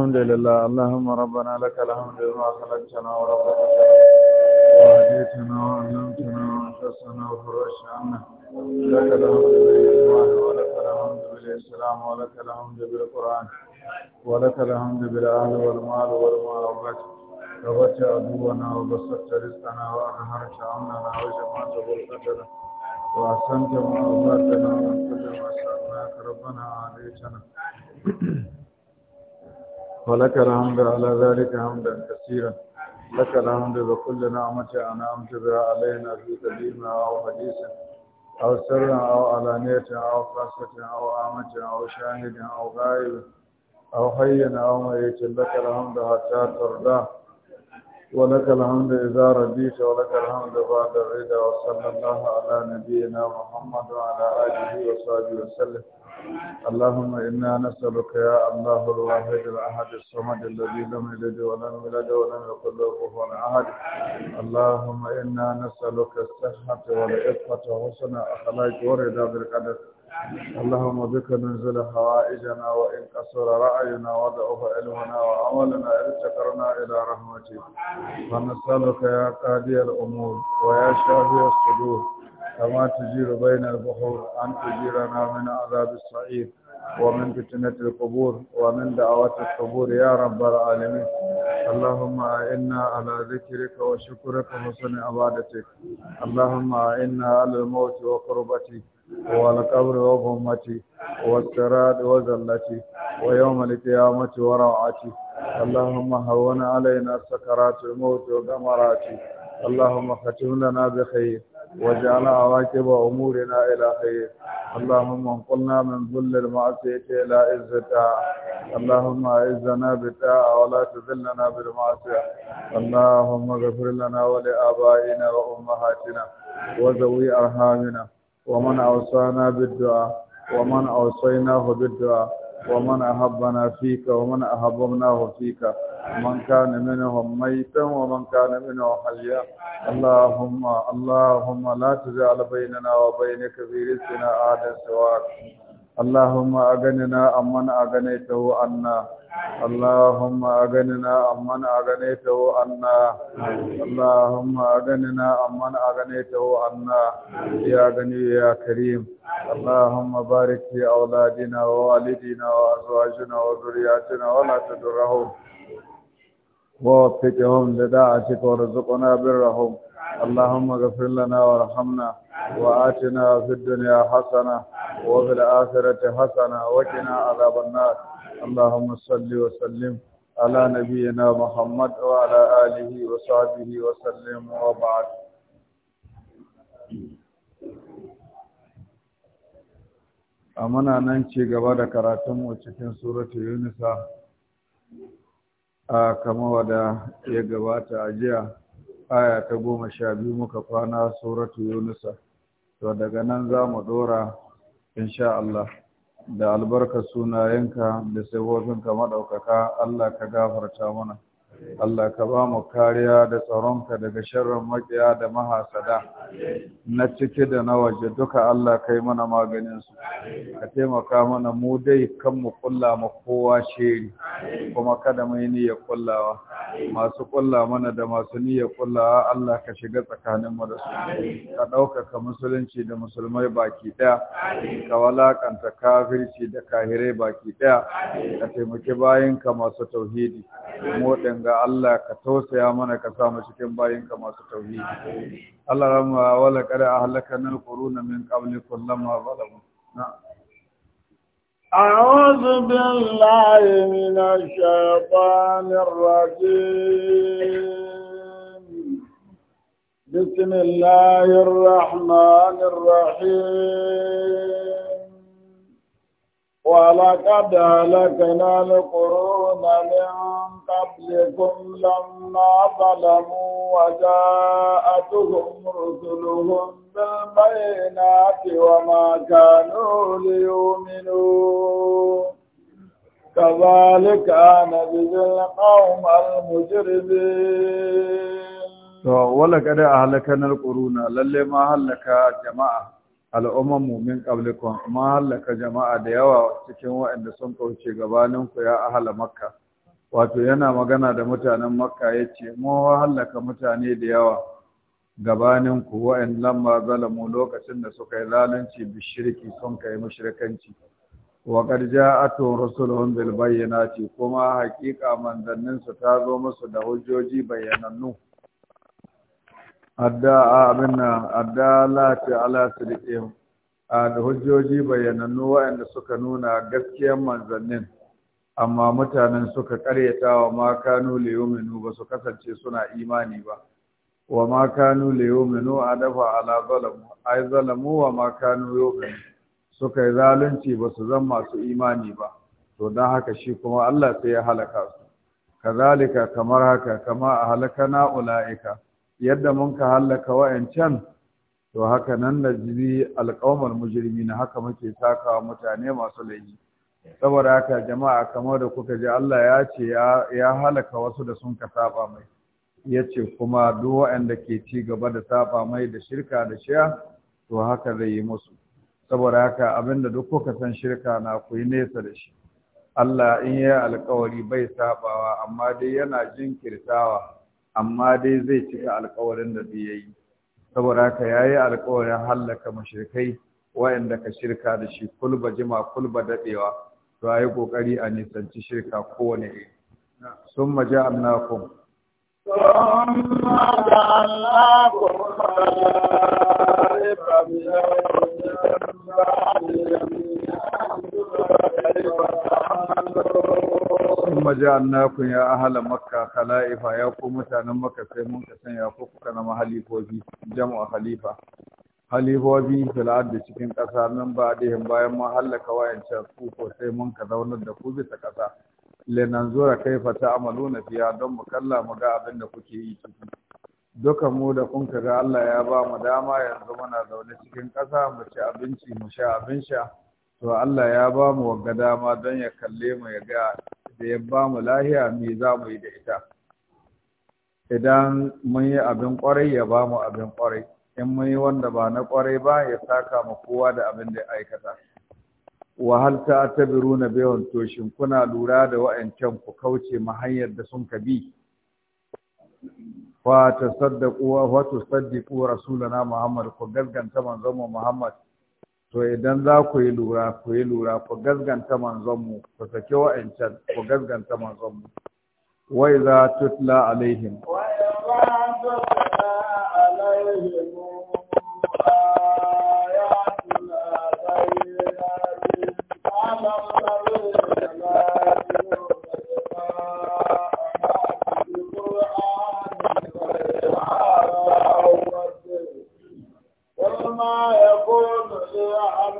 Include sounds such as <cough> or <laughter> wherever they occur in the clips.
الحمد لله اللهم ربنا لك الحمد بما خلقتنا ورزقتنا وهديتنا وعلمتنا وانفسنا وفرجت عنا لك الحمد بالايمان ولك الحمد بالاسلام ولك الحمد بالقران ولك الحمد بالاهل والمال والمعروفات كبرت عدونا وبسطت رزقنا واظهرت امننا وجمعت غرفتنا واحسنت معروفاتنا وانت ما سالناك ربنا عليتنا ولك الحمد على ذلك حمدا كثيرا لك الحمد بكل نعمة أنعمت بها علينا في قديمة أو حديثة أو سر أو علانية أو خاصة أو عامة أو شاهد أو غائب أو حي أو ميت لك الحمد حتى ترضى ولك الحمد إذا رديت ولك الحمد بعد الرضا وصلى الله على نبينا محمد وعلى آله وصحبه وسلم اللهم إنا نسألك يا الله الواحد الأحد الصمد الذي لم يلد ولم يولد ولم يكن له كفوا أحد اللهم إنا نسألك الصحة والعفة وحسن أخلاق ورضا بالقدر اللهم بك ننزل حوائجنا وإن قصر رأينا وضعف علمنا وعملنا ارتقرنا إلى رحمتك ونسألك يا قاضي الأمور ويا شافي الصدور كما تجير بين البحور أن تجيرنا من عذاب الصعيد ومن فتنة القبور ومن دعوات القبور يا رب العالمين اللهم إنا على ذكرك وشكرك وحسن عبادتك اللهم إنا على الموت وقربتي والقبر وغمتي والسراد وزلتي ويوم القيامة وروعتي اللهم هون علينا سكرات الموت وغمراتي اللهم ختم لنا بخير وجعل عواقب أمورنا إلى خير اللهم انقلنا من ذل المعصية إلى عز اللهم أعزنا بالطاعة ولا تذلنا بالمعصية اللهم اغفر لنا ولآبائنا وأمهاتنا وذوي أرحامنا ومن أوصانا بالدعاء ومن أوصيناه بالدعاء ومن أحبنا فيك ومن أحببناه فيك من كان منهم ميتا ومن كان منهم حيا اللهم اللهم لا تجعل بيننا وبينك في رزقنا عادا سواك اللهم أغننا عمن أغنيته عنا اللهم أغننا عمن أغنيته عنا اللهم أغننا عمن أغنيته عنا يا غني يا كريم اللهم بارك في أولادنا ووالدينا وأزواجنا وذرياتنا ولا تدرهم ووفقهم لداعتك وارزقنا برهم اللهم اغفر لنا وارحمنا وآتنا في الدنيا حسنة وفي الآخرة حسنة وقنا عذاب النار اللهم صل وسلم على نبينا محمد وعلى آله وصحبه وسلم وبعد amana nan ce gaba da karatunmu cikin suratu yunusa a kama wada ya gabata a jiya aya ta goma sha biyu muka kwana suratu yunusa to daga nan za mu dora insha Allah da albarkar sunayenka da sai wajenka maɗaukaka Allah ka gafarta mana Allah ka ba mu kariya da tsaronka daga sharrin makiya da mahasada na cike da na waje duka Allah ka yi mana maganinsu ka taimaka mana mu dai kan mu kulla ma kowa shiri kuma kada mu yi niyyar kullawa masu kulla mana da masu niyyar kullawa Allah ka shiga tsakanin mu da su ka ɗaukaka musulunci da musulmai baki ɗaya ka walakanta kafirci da kahirai baki ɗaya ka taimaki bayanka masu tauhidi mu ɗanga da Allah ka tausaya mana ka sa mu cikin bayinka masu tauhidi Allah ramma wala kada ahlakana quruna min qabli kullama zalamu أعوذ بالله من الشيطان الرجيم بسم الله الرحمن الرحيم ولقد أهلكنا القرون من قبلكم لما ظلموا وجاءتهم رسلهم بالبينات وما كانوا ليؤمنوا كذلك نجزي القوم المجرمين. ولقد أهلكنا القرون للي ما هلك جماعة al'umman mumin ƙablikon ma hallaka jama'a da yawa cikin waɗanda sun kauce gabanin ya ahala makka wato yana magana da mutanen makka ya ce, mu hallaka mutane da yawa gabanin ku wa'in lamma zalamu lokacin da suka yi zalunci bishirki sun kai mushrikanci wa qad ja'atuhum rusuluhum bil ce, kuma haƙiƙa manzanninsu ta zo musu da hujjoji bayyanannu adda'a abin nan addalati ala sidqihim da hujjoji bayyananu waɗanda suka nuna gaskiyar manzannin amma mutanen suka karyata wa kanu liyuminu ba su kasance suna imani ba wa ma kanu liyuminu dafa ala zalamu ai zalamu wa ma kanu suka yi zalunci ba su zan masu imani ba to don haka shi kuma Allah sai ya halaka su kazalika kamar haka kama a halaka na ula'ika yadda mun ka hallaka wa'ancan to haka nan na jibi alƙawar mujirmi na haka muke takawa mutane masu laifi saboda haka jama'a kamar da kuka ji Allah ya ce ya halaka wasu da sun ka saba mai ya ce kuma duk wa'anda ke ci gaba da saba mai da shirka da shiya to haka zai yi musu saboda haka abinda duk kuka san shirka na ku yi nesa da shi Allah in ya yi alƙawari bai sabawa amma dai yana jinkirtawa amma dai zai cika alkawarin da zai yi saboda haka ya yi alkawarin hallaka mashirkai wa'anda ka shirka da shi kulba jima kulba daɗewa to a yi ƙoƙari a nisanci shirka kowane iri sun maji annakun Sun جعلناكم خلائف ja'alnakum ya ahla makka khala'ifa ya ku mutanen makka sai mun ka sanya ku kuka na mahalifofi a khalifa halifofi fil ardi cikin kasa nan ba da bayan mun halaka wayancan ku ko sai mun ka zaunar da ku bisa ƙasa linanzura kaifa na fiya don mu kalla mu ga abin da kuke yi ciki duka mu da kun ga Allah ya ba mu dama yanzu muna zaune cikin kasa mu ci abinci mu sha abin sha to Allah ya ba mu wagga dama don ya kalle mu ya ga da ya ba mu lahiya me za mu yi da ita idan mun yi abin kwarai ya ba mu abin kwarai in mun yi wanda ba na kwarai ba ya saka mu kowa da abin da ya aikata wahal ta tabiru na bayan toshin kuna lura da wa'ancan ku kauce ma hanyar da sun kabi fa tasaddaqu wa tasaddiqu rasulana muhammad ku gaskanta manzon muhammad to idan za ku yi lura ku yi lura ku gasganta manzonmu ku saki wa'ancan ku gasganta manzonmu wai za tutla alaihim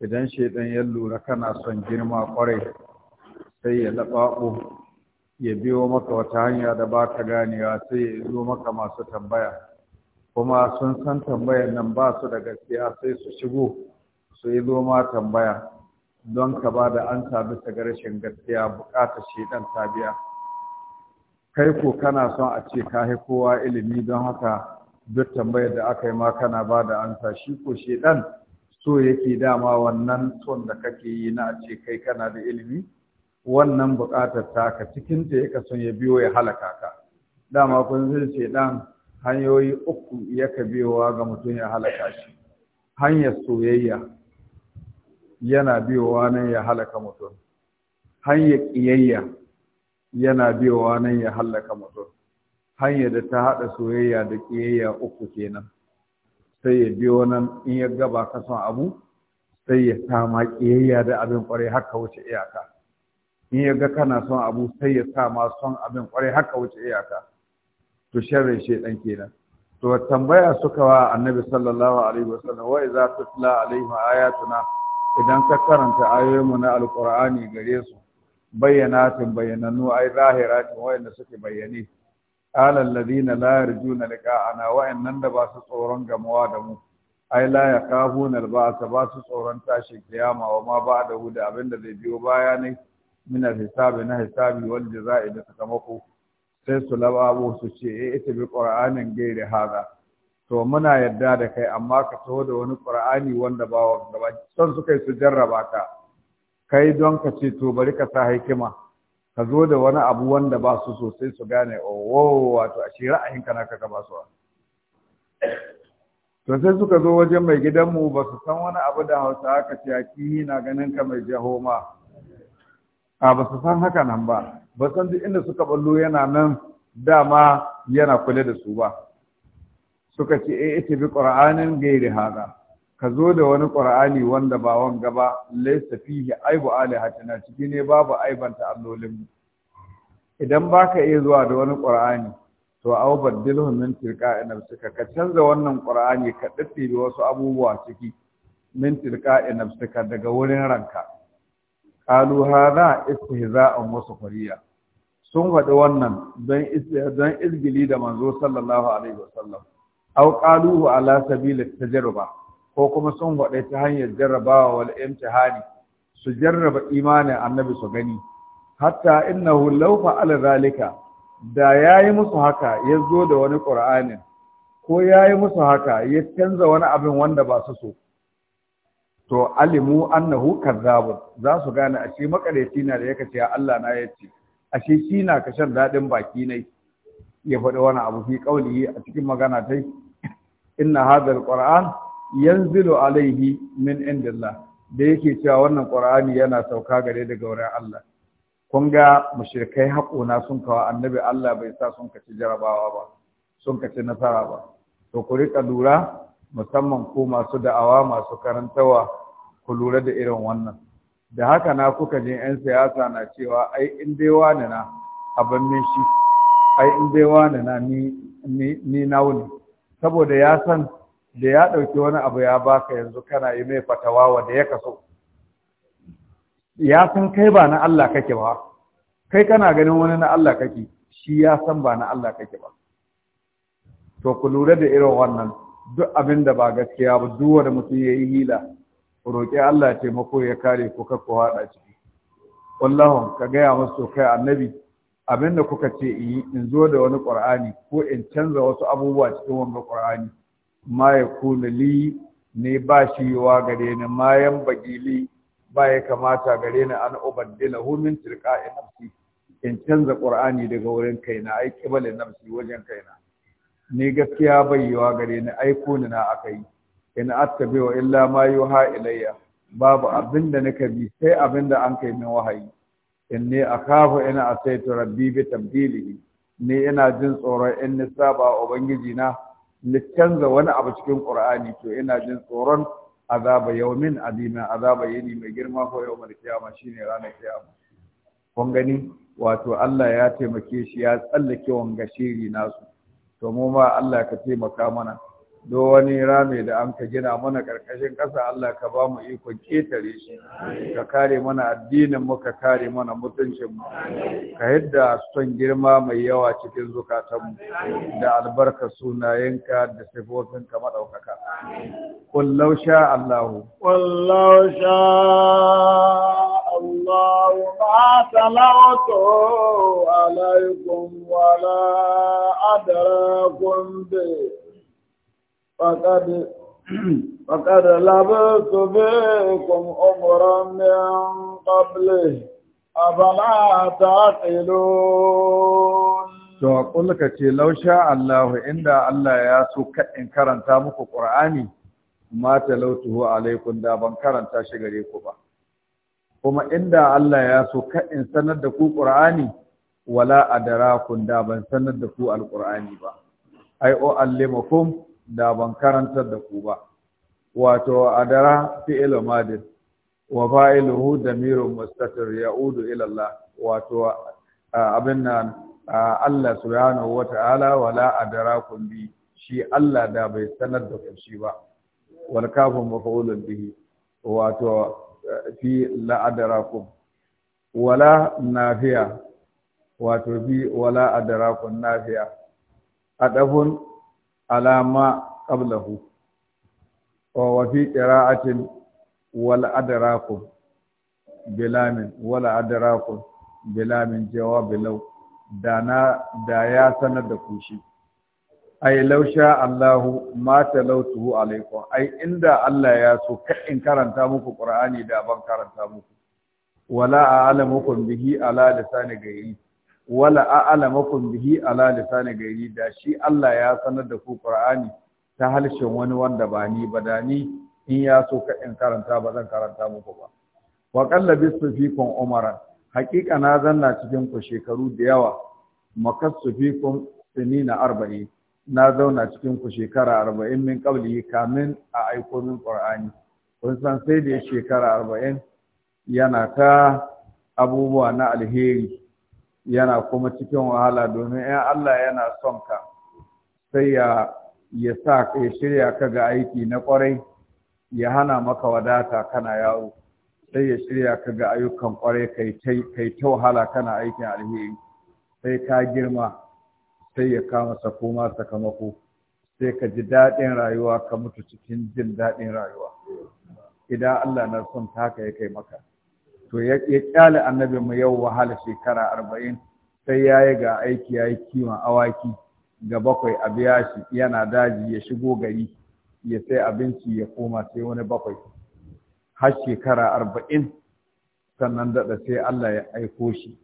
idan shaidan ya lura kana son girma kwarai sai ya laɓaɓo ya biyo maka wata hanya da ba ka ganewa sai ya zo maka masu tambaya kuma sun san tambayan nan ba su da gaskiya sai su shigo su yi zo tambaya don ka ba da an sabi ta rashin gaskiya bukatar shaidan tabiya kai ko kana son a ce ka kowa ilimi don haka duk tambayar da aka yi ma kana ba da ansa shi ko shaidan so yake dama wannan son da kake yi na ce kai kana da ilimi wannan buƙatar ta ka cikin ta yaka son ya biyo ya halaka ka dama kun zai ce dan hanyoyi uku yaka biyowa ga mutum ya halaka shi hanyar soyayya yana biyowa nan ya halaka mutum hanyar ƙiyayya yana biyowa nan ya halaka mutum hanyar da ta haɗa soyayya da ƙiyayya uku kenan sai ya biyo nan in ya gaba ka son abu sai ya sa ma kiyayya da abin ƙwarai haka wuce iyaka in ya ga kana son abu sai ya sa ma son abin ƙwarai haka wuce iyaka to shi dan kenan to tambaya suka wa annabi sallallahu alaihi wasallam wa idza tutla alaihi ayatuna idan ka karanta ayoyinmu na alqur'ani gare su bayyanatin bayyananu ay zahiratin wa'anda suke bayyane ala alladhina la yarjuna liqa'ana wa innan da ba su tsoron gamuwa da mu ai la yaqafuna alba'sa ba su tsoron tashi kiyama wa ma ba da abinda zai biyo baya ne min hisabi na hisabi wal jazaa'i da sakamako sai su abu su ce e ita bi qur'anin gairi haza to muna yadda da kai amma ka taho da wani qur'ani wanda ba wa gaba son su kai su jarraba ka kai don ka ce to bari ka sa hikima ka zo da wani abu wanda ba su sosai su gane oh, owo wato a shi ra'ayin kana kaka ba su to sai suka zo wajen mai gidanmu ba su san wani abu da hausa haka ce aki na ganin ka mai jahoma a ba su san haka nan ba ba san duk inda suka ballo yana nan dama yana kula da su ba suka ce eh ita bi qur'anin gairi haza. ka zo da wani ƙur'ani wanda ba wanga ba laysa fihi aibu alihatina ciki ne babu aibanta allolin mu idan baka iya zuwa da wani ƙur'ani, to au baddilhu min tilka'i nafsika ka canza wannan ƙur'ani ka da wasu abubuwa ciki min tilka'i nafsika daga wurin ranka qalu hadha istihza'un wa sufriya sun faɗi wannan don don izgili da manzo sallallahu alaihi wasallam au qalu ala sabili tajruba ko kuma sun waɗe ta hanyar jarrabawa wal imtihani su jarraba imanin annabi su gani hatta innahu law fa'ala zalika da yayi musu haka ya zo da wani qur'anin ko yayi musu haka ya canza wani abin wanda ba su so to alimu annahu kazzabun za su gane ashe makareci na da yake cewa Allah na yace ashe shi na kashan dadin baki ne ya faɗi wani abu fi kauli a cikin magana tai inna hadha qur'an yanzilu alaihi min indillah da yake cewa wannan qur'ani yana sauka gare daga wurin Allah kun ga mushrikai haƙona sun kawo annabi Allah bai sa sun kaci jarabawa ba sun kaci nasara ba to ku rika lura musamman ku masu da'awa masu karantawa ku lura da irin wannan da haka na kuka je 'yan siyasa na cewa ai in dai wani na abin min shi ai in dai wani na ni na wuni saboda ya san da ya ɗauki wani abu ya baka yanzu kana yi mai fatawa wanda ya kaso ya san kai ba na Allah kake ba kai kana ganin wani na Allah kake shi ya san ba na Allah kake ba to ku lura da irin wannan duk abin da ba gaskiya ba duk wani mutum ya yi hila ku roƙi Allah taimako ya kare ku kar ku haɗa ciki wallahun ka gaya musu kai annabi abin da kuka ce in zo da wani ƙur'ani ko in canza wasu abubuwa cikin wani ƙur'ani? ma ya kuna li ne ba shi yiwa gare ni ma yan bagili ba ya kamata gare ni an ubaddila hu min tilqa'i nafsi in canza ƙur'ani daga wurin kaina ai kibalin nafsi wajen kaina ni gaskiya bai yiwa gare ni ai kuna na akai in attabi wa illa ma yuha ilayya babu abinda nake bi sai abinda an kai min wahayi In a kafa in asaitu rabbi bi tabdilihi ni ina jin tsoron in ni saba ubangiji na littanza wani abu cikin qur'ani to ina jin tsoron azaba yaumin azima azaba yini mai girma ko yawmal kiyama shine ranar kiyama kun gani wato Allah ya taimake shi ya tsallake wanga shiri nasu to mu ma Allah ka taimaka mana do wani rami da an ka gina mana karkashin ƙasa Allah ka ba mu ikon ƙetare shi ka kare mana addinin mu ka kare mana mutuncin mu ka yadda son girma mai yawa cikin zukatan mu da albarka sunayenka da sifofin ka madaukaka kullau sha Allahu kullau sha الله ما Alaikum عليكم ولا أدراكم فقد <clears throat> فقد لبثت فيكم عمرا من قبله أفلا تعقلون To, kulka ce, lausha Allahu inda Allah ya so in karanta muku ƙur'ani, ma talautuhu alaikun da ban karanta shi gare ku ba. Kuma inda Allah ya so in sanar da ku ƙur'ani, wala adarakun da ban sanar da ku alƙur'ani ba. Ai, o, da ban karantar da ku ba wato adara fi'il madin wa fa'iluhu damirun mustatir ya'udu ila Allah wato abin nan Allah subhanahu wata'ala wala adarakum bi shi Allah da bai sanar da ku shi ba wal kafu mafulun bihi wato fi la adarakum wala nafiya wato bi wala adarakum nafiya adafun alama qablahu wa fi qira'atin wal adrakum bilamin wal bilamin jawab law da da ya sanar da ku shi law lausha Allahu ma talautuhu alaikum ai inda Allah ya so ka in karanta muku Qur'ani da ban karanta muku wala a'lamukum bihi ala lisani gairi wala a'lamakum bihi ala lisani gairi da shi Allah ya sanar da ku Qur'ani ta halshen wani wanda ba ni ba in ya so ka in karanta ba zan karanta muku ba wa qalla bisu fikum umara haqiqa na zanna cikin ku shekaru da yawa makassu fikum sinina arba'in na zauna cikin ku shekara arba'in min qabli kamin a aiko min qur'ani kun san sai da shekara arba'in yana ta abubuwa na alheri yana kuma cikin wahala domin in Allah yana son ka sai ya ya sa ya shirya ka ga aiki na kwarai ya hana maka wadata kana yawo sai ya shirya ka ga ayyukan kwarai kai ta wahala kana aikin alheri sai ka girma sai ya kama sakoma sakamako sai ka ji daɗin rayuwa ka mutu cikin jin daɗin rayuwa idan Allah na son ta haka ya kai maka to ya kyale annabin mu yau wahala shekara arba'in sai ya yi ga aiki ya yi kiwon awaki ga bakwai a biya shi yana daji ya shigo gari ya sai abinci ya koma sai wani bakwai har shekara arba'in sannan daɗa sai Allah ya aiko shi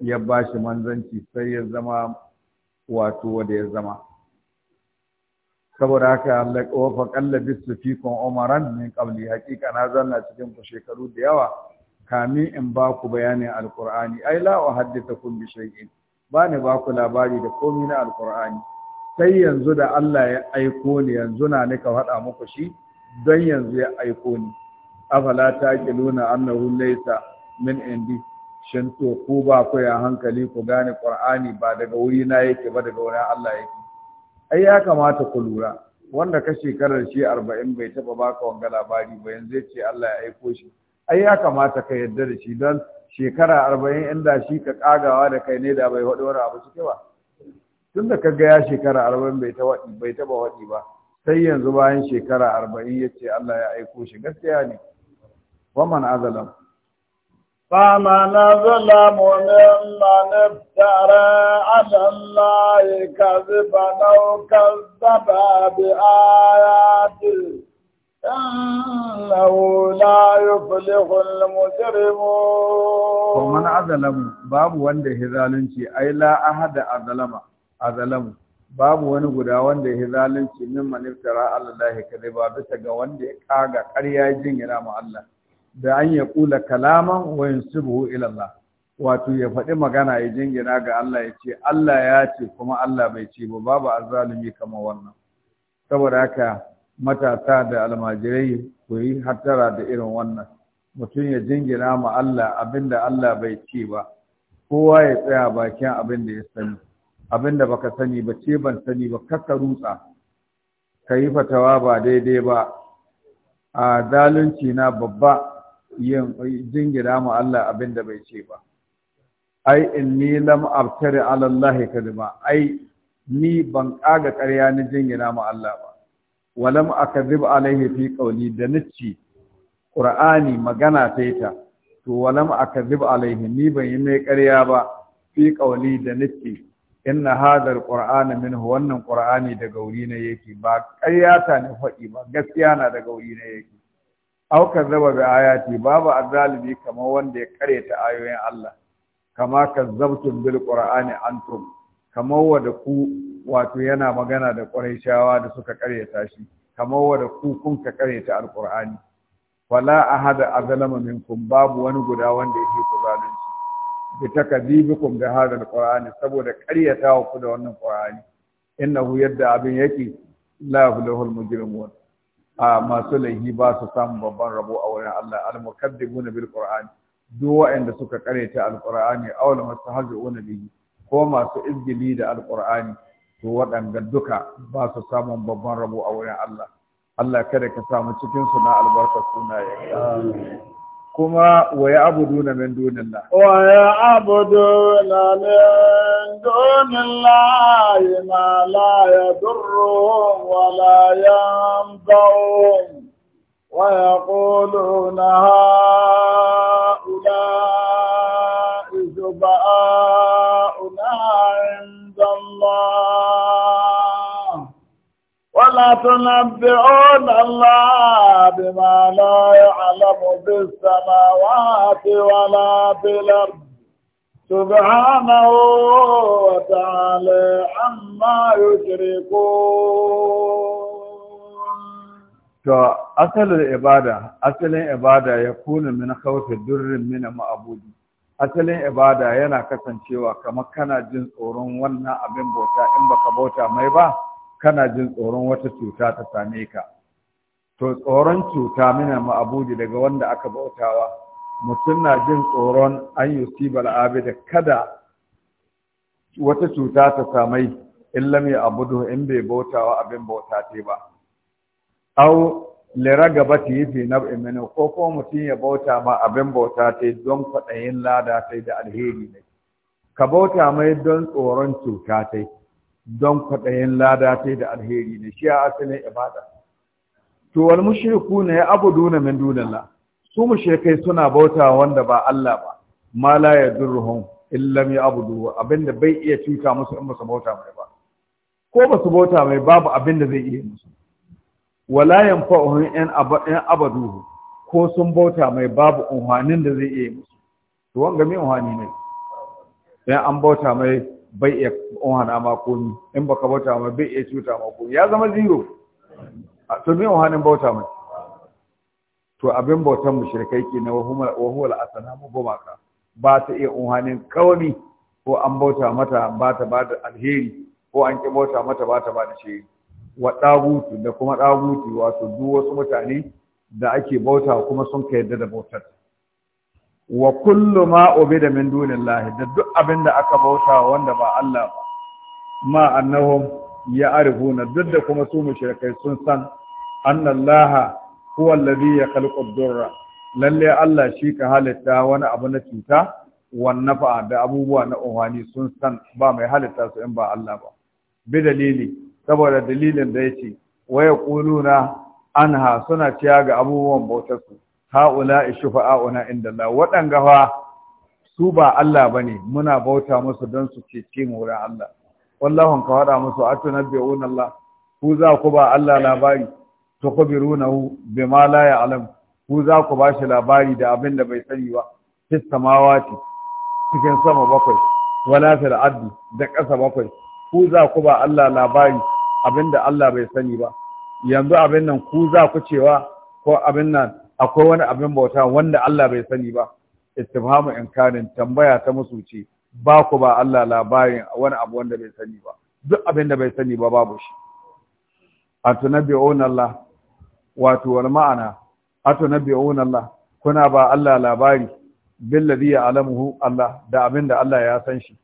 ya ba shi manzanci sai ya zama wato wanda ya zama saboda haka Allah wa faqalla bisu fikon umaran min qabli hakika na zanna cikin ku shekaru da yawa kami in ba ku bayanin alkur'ani ai la kun bi shay'in ba ni ba ku labari da komai na alkur'ani sai yanzu da Allah ya aiko ni yanzu na ni ka faɗa muku shi don yanzu ya aiko ni afala ta kiluna annahu laysa min indi shin to ku ba ku ya hankali ku gane qur'ani ba daga wuri na yake ba daga wurin Allah yake ai ya kamata ku lura wanda ka shekarar shi 40 bai taba baka wanga labari ba yanzu ya ce Allah ya aiko shi ai ya kamata ka yarda da shi don shekara arba'in inda shi ka kagawa da kai ne da bai waɗi wani abu cike ba tun da kaga ya shekara arba'in bai taɓa bai taɓa waɗi ba sai yanzu bayan shekara arba'in ya ce Allah ya aiko shi gaskiya ne waman azalam فمن ظلم ممن افترى على الله كذبا او كذب بآياته إنه لا يفلح المجرمون ومن أظلم باب وند هذالنشي أي لا أحد أظلم أظلم باب wani guda wanda ya zalunci min maniftara Allah كذبا بس ga wanda ya karya ƙarya jingina ma Allah da an ya kula kalaman wa ila Allah wato ya faɗi magana ya jingina ga Allah ya ce Allah ya ce kuma Allah bai ce ba babu azzalumi kamar wannan saboda haka matasa da almajirai ku yi hattara da irin wannan mutum ya jingina ma Allah abinda Allah bai ce ba kowa ya tsaya bakin abin da ya sani abin baka sani ba ce ban sani ba kaka rutsa ka yi fatawa ba daidai ba a zalunci na babba yin jingina ma Allah abin bai ce ba ai ni lam abtari ala Allah kadima ai ni ban kaga ƙarya ni jingina ma Allah ba walam akadhib Alayhi fi qawli da nace qur'ani magana taita ta to walam akadhib Alayhi ni ban yi mai ƙarya ba fi qawli da nace inna hadar qur'ana minhu wannan qur'ani daga wuri na yake ba ƙarya ta ne faɗi ba gaskiya na da wuri na yake aw kazzaba bi ayati babu azzalimi kamar wanda ya ta ayoyin Allah kama kazzabtum bil qur'ani antum kamar wada ku wato yana magana da ƙurayshawa da suka karyata shi kamar wada kukun ka karyata alqur'ani wala ahada azlama minkum babu wani guda wanda yake ku zalunci bi takadibikum da hadal Alƙur'ani saboda karyatawa ku da wannan qur'ani innahu yadda abin yake la yuflihul mujrimun a masu laihi ba su samu babban rabo a wurin Allah al-mukaddibuna bil qur'ani duk waɗanda suka karanta al-qur'ani aw la mustahzi'una bihi ko masu izgili da Alƙur'ani. to waɗanda duka ba su samun babban rabo a wurin Allah Allah kada ka samu cikin su na albarka sunaye kuma wa ya abudu na min dunillah wa ya abudu na min dunillah Ina la yadurruhum wa la yanfa'uhum wa na ha'ula'i ولا تنبئون الله بما لا يعلم في السماوات ولا في الأرض سبحانه وتعالى عما يشركون To, asalin ibada, asalin ibada ya kuna min haufin durrin mina Asalin ibada yana kasancewa kamar kana jin tsoron wannan abin bauta in baka bauta mai ba, kana jin tsoron wata cuta ta same ka to tsoron cuta mina ma'abudi daga wanda aka bautawa mutum na jin tsoron an yusiba da kada wata cuta ta samai illa mai abudu in bai bautawa abin bauta ce ba au lera gaba ta yi fi na imini ko ko mutum ya bauta ma abin bauta ce don kwaɗayin lada sai da alheri ne ka bauta mai don tsoron cuta ce don kwaɗayin lada ta da alheri ne shi a asalin ibada to wal mushriku ne ya duna min dunillah su mushrikai suna bauta wanda ba Allah ba ma la yadurruhum illam ya'budu abinda bai iya cuta musu in basu bauta mai ba ko ba su bauta mai babu abinda zai iya musu wala yanfa'uhum in abaduhu ko sun bauta mai babu umhanin da zai iya musu to wanga mai umhani ne dan an bauta mai bai iya ohana ma komi in baka bauta mai bai iya cuta ma komi ya zama zero to me ohanin bauta mai to abin bautan shirkai ke na wahuwar asana mu ka ba ta iya ohanin kawami ko an bauta mata ba ta ba da alheri ko an ki bauta mata ba ta ba da shiri wa dagutu da kuma dagutu wato duk wasu mutane da ake bauta kuma sun ka yadda da bautar wa kullu ma ubida min dunillahi da duk abin da aka bauta wanda ba Allah ba ma annahum ya arifuna duk da kuma su mushrikai sun san annallaha huwa alladhi yakhluqu ad-durra lalle Allah shi ka halitta wani abu na cuta wan fa da abubuwa na uhani sun san ba mai halitta su in ba Allah ba bi dalili saboda dalilin da yake waya quluna anha suna ciya ga abubuwan bautar su haula shufa'auna inda Allah waɗanga fa su ba Allah bane muna bauta musu don su cece mu wurin Allah wallahu ka wada musu atunabbi'una Allah ku za ku ba Allah labari tukhbirunahu bima la ya'lam ku za ku ba shi labari da abin da bai sani ba fis samawati cikin sama bakwai wala fil ardi da ƙasa bakwai ku za ku ba Allah labari abin da Allah bai sani ba yanzu abin nan ku za ku cewa ko abin nan akwai wani abin bauta wanda Allah bai sani ba istifhamu inkarin tambaya ta musuci ba ku ba Allah labarin wani abu wanda bai sani ba duk abin da bai sani ba babu shi atunabbi'una Allah wato wal ma'ana atunabbi'una Allah kuna ba Allah labari ladhi ya'lamuhu Allah da abin da Allah ya san shi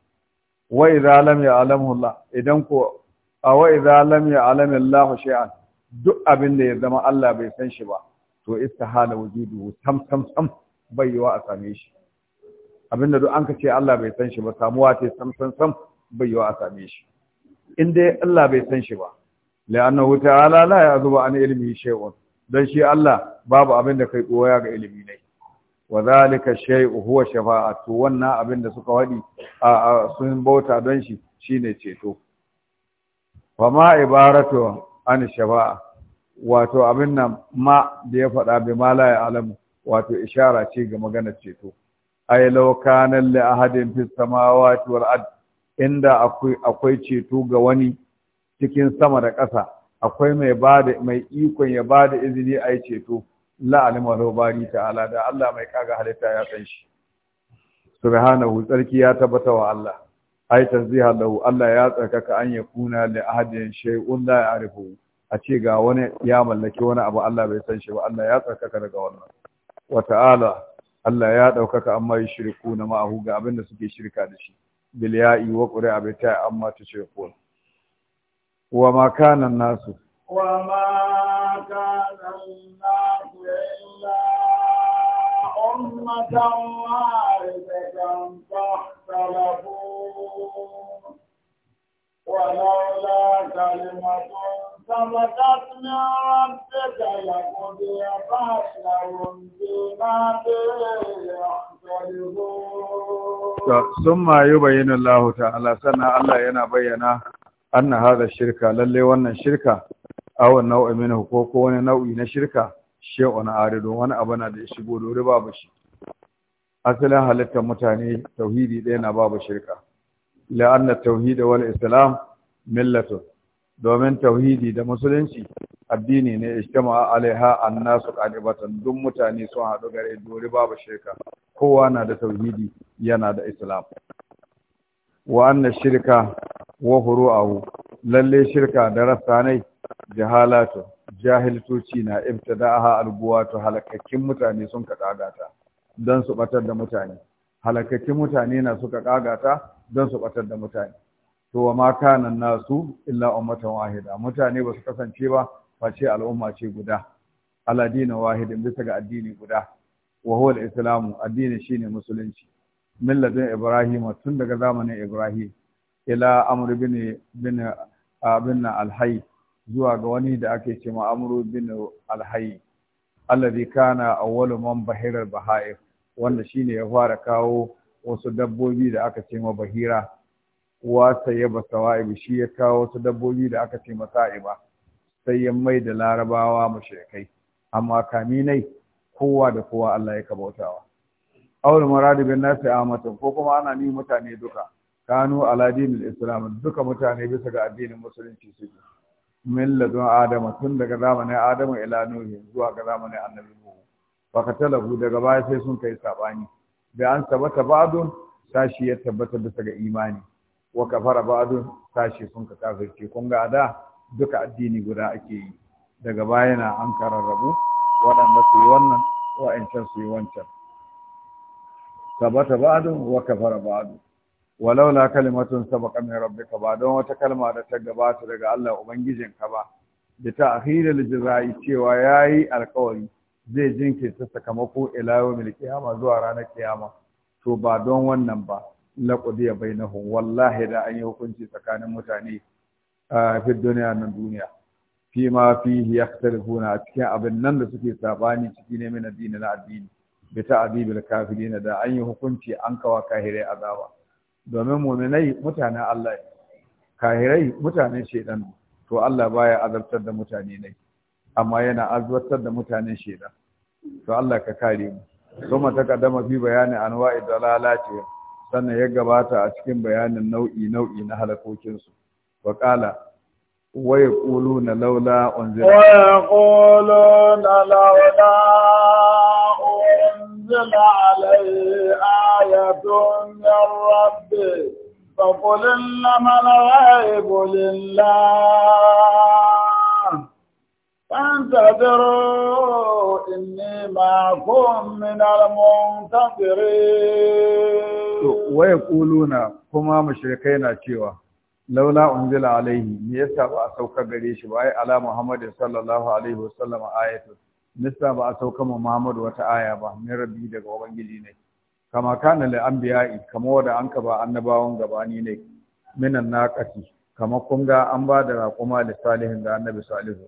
wa idza lam ya'lamuhu Allah idan ko a wa idza lam ya'lamu Allah shay'an duk abin da ya zama Allah bai san shi ba to hala wujudu sam sam sam bai yiwa a same shi abinda duk an ka ce Allah bai san shi ba samuwa ce sam sam sam bai a same shi in dai Allah bai san shi ba hu ta'ala la ya'zubu an ilmi shay'un dan shi Allah babu abin da kai koya ga ilimi ne wa zalika shay'u huwa shafa'atu wannan abin da suka wadi a sun bauta don shi shine ceto fa ibaratu an shafa'a wato abin nan ma da ya faɗa bi ma alamu wato ishara ce ga maganar ceto ai law kana li ahadin fi samawati wal ard inda akwai akwai ceto ga wani cikin sama da ƙasa akwai mai bada mai ikon ya bada izini ai ceto la wa bari ta'ala da Allah mai kaga halitta ya san shi subhanahu tsarki ya tabbata wa Allah ai tanziha lahu Allah ya tsarkaka an yakuna li ahadin shay'un la ya'rifu a ce ga wani ya mallaki wani abu Allah bai san shi ba Allah ya tsarkaka daga wannan wa ta'ala Allah ya ɗaukaka amma yi shirku na ma'ahu ga abin da suke shirka da shi bil ya'i wa qura abi amma ta ko wa ma kana nasu wa ma kana nasu illa ummatan wa'idatan fahtalafu Summa yi bayyana Allah ta'ala sannan Allah yana bayyana anna haza shirka Lallai wannan shirka awon nau'in min hukoko nau'i na shirka shi'u na wani abu na da ya shigo da babu shi asalin halittar mutane tauhidi ɗaya na babu shirka la'anna tauhid wal islam millatu domin tauhidi da musulunci addini ne ijtama'a alaiha annasu qadibatan duk mutane sun haɗu gare dore babu shirka kowa na da tauhidi yana da islam wa anna shirka wa furu'ahu lalle shirka da rasanai jahalatu jahiltoci na ibtida'aha alguwatu halakakkin mutane sun ka kagata don su batar da mutane halakakkin mutane na suka kagata don su batar da mutane to wa ma kanan nasu illa ummatan wahida mutane ba su kasance ba face al'umma ce guda Aladina dinin wahidin bisa ga addini guda wa huwa islamu addini shine musulunci milladin ibrahim tun daga zamanin ibrahim ila amr bin bin zuwa ga wani da ake ce ma amr bin al alladhi kana awwalu man bahirar bahair wanda shine ya fara kawo wasu dabbobi da aka ce ma bahira wa ba sawa'ibu shi ya kawo wasu dabbobi da aka ce ma sa'iba sai ya mai da larabawa mushrikai amma kaminai kowa da kowa Allah ya kabautawa awul maradu bin nasi amatu ko kuma ana ni mutane duka kanu aladin dinil islam duka mutane bisa ga addinin musulunci suke min ladun adama tun daga zamanin adama ila nuhi zuwa ga zamanin annabi nuhu fakatalahu daga baya sai sun kai sabani da an sabata ba'dun sashi ya tabbata bisa ga imani wa kafara ba'dun sashi sun ka kafirce kun ga da duka addini guda ake yi daga baya na an kararrabu waɗanda su yi wannan wa'ancan su yi wancan sabata ba'dun wa kafara ba'dun walaula kalimatun sabaka min rabbika ba don wata kalma da ta gabata daga Allah ubangijinka ba da ta akhiral jazai cewa yayi alƙawari zai ta sakamako ilawo mil kiyama zuwa ranar kiyama to ba don wannan ba ya bainahu wallahi da an yi hukunci tsakanin mutane a fi duniya nan duniya fi ma ya yaktalifuna a cikin abin nan da suke sabani ciki ne min addini na addini bi ta'dibil kafirina da an yi hukunci an kawa kahirai azaba domin mu'minai mutanen Allah kahirai mutanen shedan to Allah baya azabtar da mutane ne amma yana azwatar da mutanen shaida. to Allah ka kare mu kuma takaddama fi bayani anwa'i dalalati sannan ya gabata a cikin bayanin nau'i nau'i na halakokin su wa qala wa yaquluna laula unzila wa yaquluna laula unzila alayhi ayatun min rabbi فقل إنما الغيب لله فانتظروا إني معكم من المنتظرين kuma كما مشركين cewa laula unzila alaihi me yasa ba a sauka gare shi ba yi ala Muhammadu sallallahu alaihi wasallam sallama nista ba a sauka ma Muhammadu wata aya ba min Rabi daga ubangiji ne kama kana lil anbiya'i kama wada an ka ba gabani ne minan an ba da da annabi salihu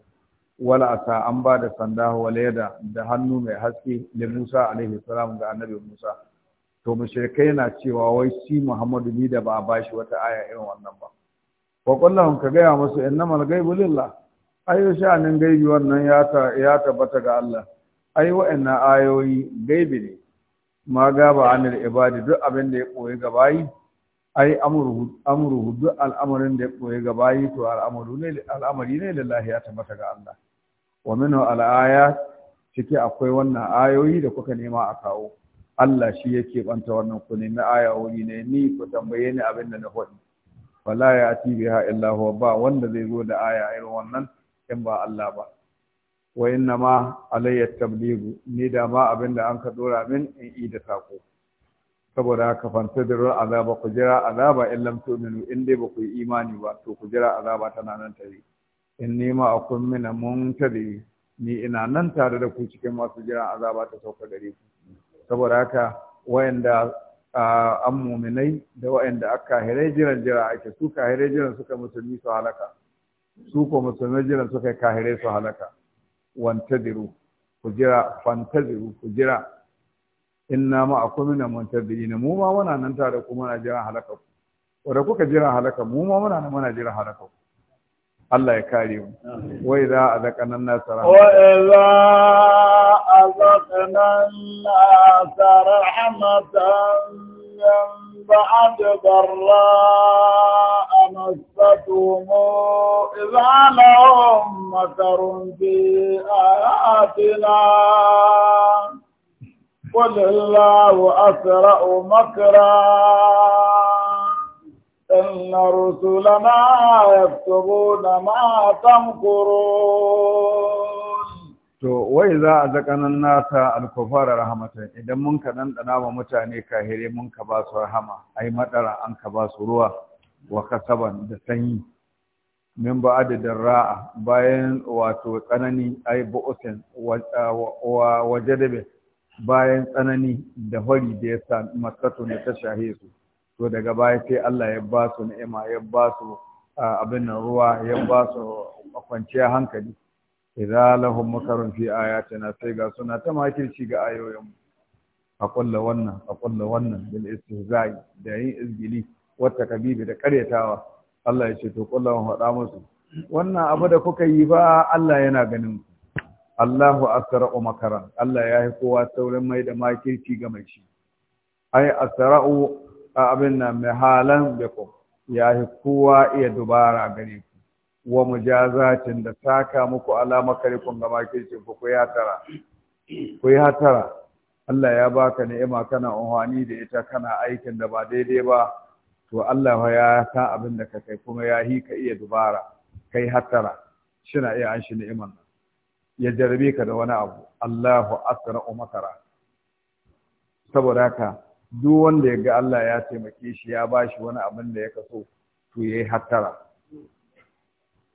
wala asa an ba da sanda wala yada da hannu mai haske da Musa alaihi salam ga annabi Musa to mushrikai na cewa wai shi Muhammadu ni da ba a bashi wata aya irin wannan ba wa kullahum ka gaya musu innamal ghaibu lillah ayo sha'anin gaibi wannan ya ya tabbata ga Allah ai wa'annan ayoyi gaibi ne ma ga ba anil ibadi duk abin da ya koyi ga bayi ai amruhu duk al'amarin da ya koyi ga bayi to al'amari ne lallahi ya tabbata ga Allah wa minhu al'aya ciki akwai wannan ayoyi da kuka nema a kawo Allah shi yake banta wannan ku nemi aya wuri ne ni ku tambaye ni abin da na faɗi wala ya ati biha illa huwa ba wanda zai zo da aya irin wannan in ba Allah ba wa inna ma alayya tabligu ni da ma abin da an ka dora min in da sako saboda haka fanta da ruwan azaba ku jira azaba in lam tu'minu in dai ba ku yi imani ba to ku jira azaba tana nan tare in nima a kun mina tare ni ina nan tare da ku cikin masu jira azaba ta sauka gare ku saboda haka wayanda an muminai da wayanda aka kahirai jiran jira ake su kahirai jiran suka musulmi su halaka su ko musulmi jiran suka kahirai su halaka wantadiru ku jira fantaziru ku jira inna ma akum da muntabirin mu ma muna nan tare kuma muna jiran halaka ku wanda kuka jiran halaka mu ma muna nan muna jiran halaka ku Allah ya kare mu wa idza azaqana an-nasa rahmatan wa idza azaqana an-nasa rahmatan بعد ضراء مستهم إذا لهم مكر في آياتنا قل الله أسرع مكرا إن رسلنا يكتبون ما تمكرون to wai za a zakanan nasa alkufara rahmatan idan mun ka ɗanɗana wa mutane kahire mun ka ba su rahama ai madara an ka ba su ruwa wa kasaban da sanyi min ba'da ra'a, bayan wato tsanani ai bu'usin wa wajadabe bayan tsanani da hori da ya sa maskatu ne ta shahe su to daga baya sai Allah ya ba su ni'ima ya ba su abin nan ruwa ya ba su kwanciyar hankali idza lahum makarun fi ayatina sai ga suna ta makirci ga ayoyin a kulla wannan a kulla wannan bil istihza'i da yin izgili wata kabibi da karyatawa Allah ya ce to kulla mun faɗa musu wannan abu da kuka yi ba Allah yana ganin ku Allahu asra'u makaran Allah ya yi kowa saurin mai da makirci ga mai shi ai asra'u abin nan mihalan bikum ya yi kowa iya dubara gare ku wa mujazatin da saka muku alama kare kun ga makirci ku ku hatara ku yi hatara Allah ya baka ni'ima kana unhani da ita kana aikin da ba daidai ba to Allah ya san abin da ka kai kuma ya hi ka iya dubara kai hatara na iya an shi ni'iman ya jarabe ka da wani abu Allahu asra'u makara saboda haka duk wanda ya ga Allah ya taimake shi ya bashi wani abin da ya kaso to yayi hattara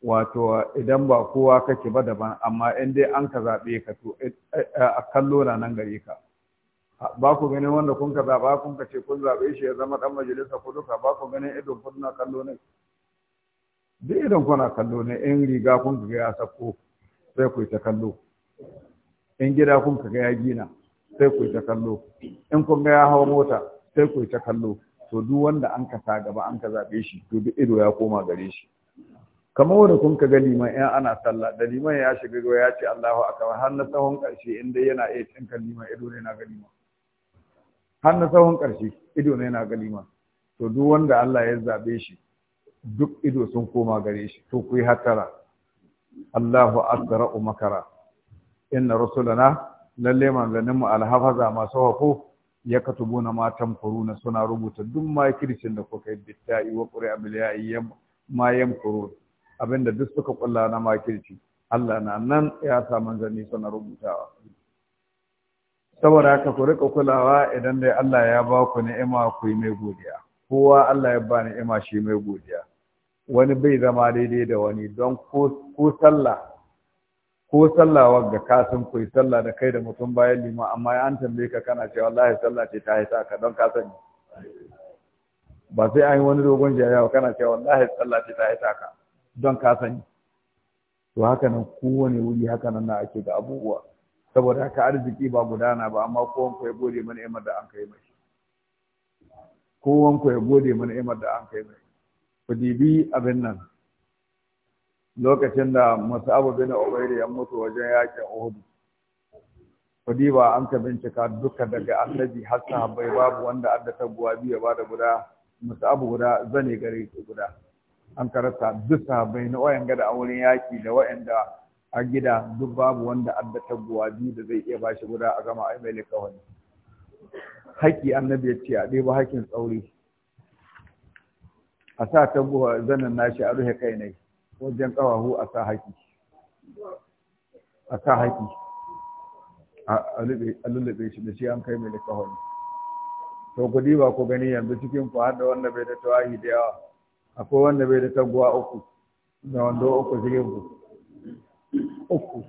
wato idan ba kowa kake ba daban amma in dai an ka zaɓe ka to eh, eh, a kallo na nan gare ka ba ku ganin wanda kun ka zaɓa kun ka ce kun zaɓe shi ya zama dan majalisa ku duka ba ku ganin idon kun na kallo ne duk idon kuna kallo ne in riga kun ga ya sako sai ku ta kallo in gida kun ga ya gina sai ku ta kallo in kun ga ya hawa mota sai ku ta kallo to duk wanda an ka sa gaba an ka zabe shi to duk ido ya koma gare shi kamar wanda kun ka ga liman in ana sallah da liman ya shiga ya ce Allahu akbar har na tsawon karshe in dai yana iya kan liman ido ne na ga liman har na tsawon ƙarshe ido ne na liman. to duk wanda Allah ya zabe shi duk ido sun koma gare shi to ku yi hattara. Allahu asra'u makara inna rusulana lalle manzanin mu alhafaza masu hafu ya katubu na matan kuruna suna rubuta duk makircin da kuka yi yi wa ƙuri'a biliya'i ma yan kurun abinda duk suka kulla na makirci Allah na nan ya sa manzanni suna rubutawa saboda haka ku rika kulawa idan dai Allah ya ba ku ni'ima ku yi mai godiya kowa Allah ya ba ni'ima shi mai godiya wani bai zama daidai da wani don ko sallah ko sallawa ga sun kai sallah da kai da mutum bayan lima amma an tambaye ka kana cewa wallahi sallah ce ta haisa ka don ka sani ba sai an yi wani dogon jayyawa kana cewa wallahi sallah ce ta haisa ka don ka sani to haka nan kowane wuri haka nan na ake ga abubuwa saboda haka arziki ba gudana ba amma kowan ku ya gode mana imar da an kai mai kowan ku ya gode mana imar da an kai mai ku abin nan lokacin da masu bin Umair ya mutu wajen yakin Uhud ku diba an ka bincika duka daga annabi har sahabbai babu wanda adda taguwa biya ba da guda masu abu guda zane gare su guda an karanta duk sahabbai na gada da auren yaki da wayanda a gida duk babu wanda adda taguwa biyu da zai iya bashi guda a gama ai mai likawani haƙƙi annabi ya ce a ɗeba haƙƙin tsauri a sa ta a zanen nashi a rufe kai ne wajen kawahu a sa haƙi. a sa haƙi a lullube shi da shi an kai mai likahoni to kudi ba ku gani yanzu cikin ku har da wanda bai da tawahi da yawa akwai wanda bai da taguwa uku da wando uku cikin ku uku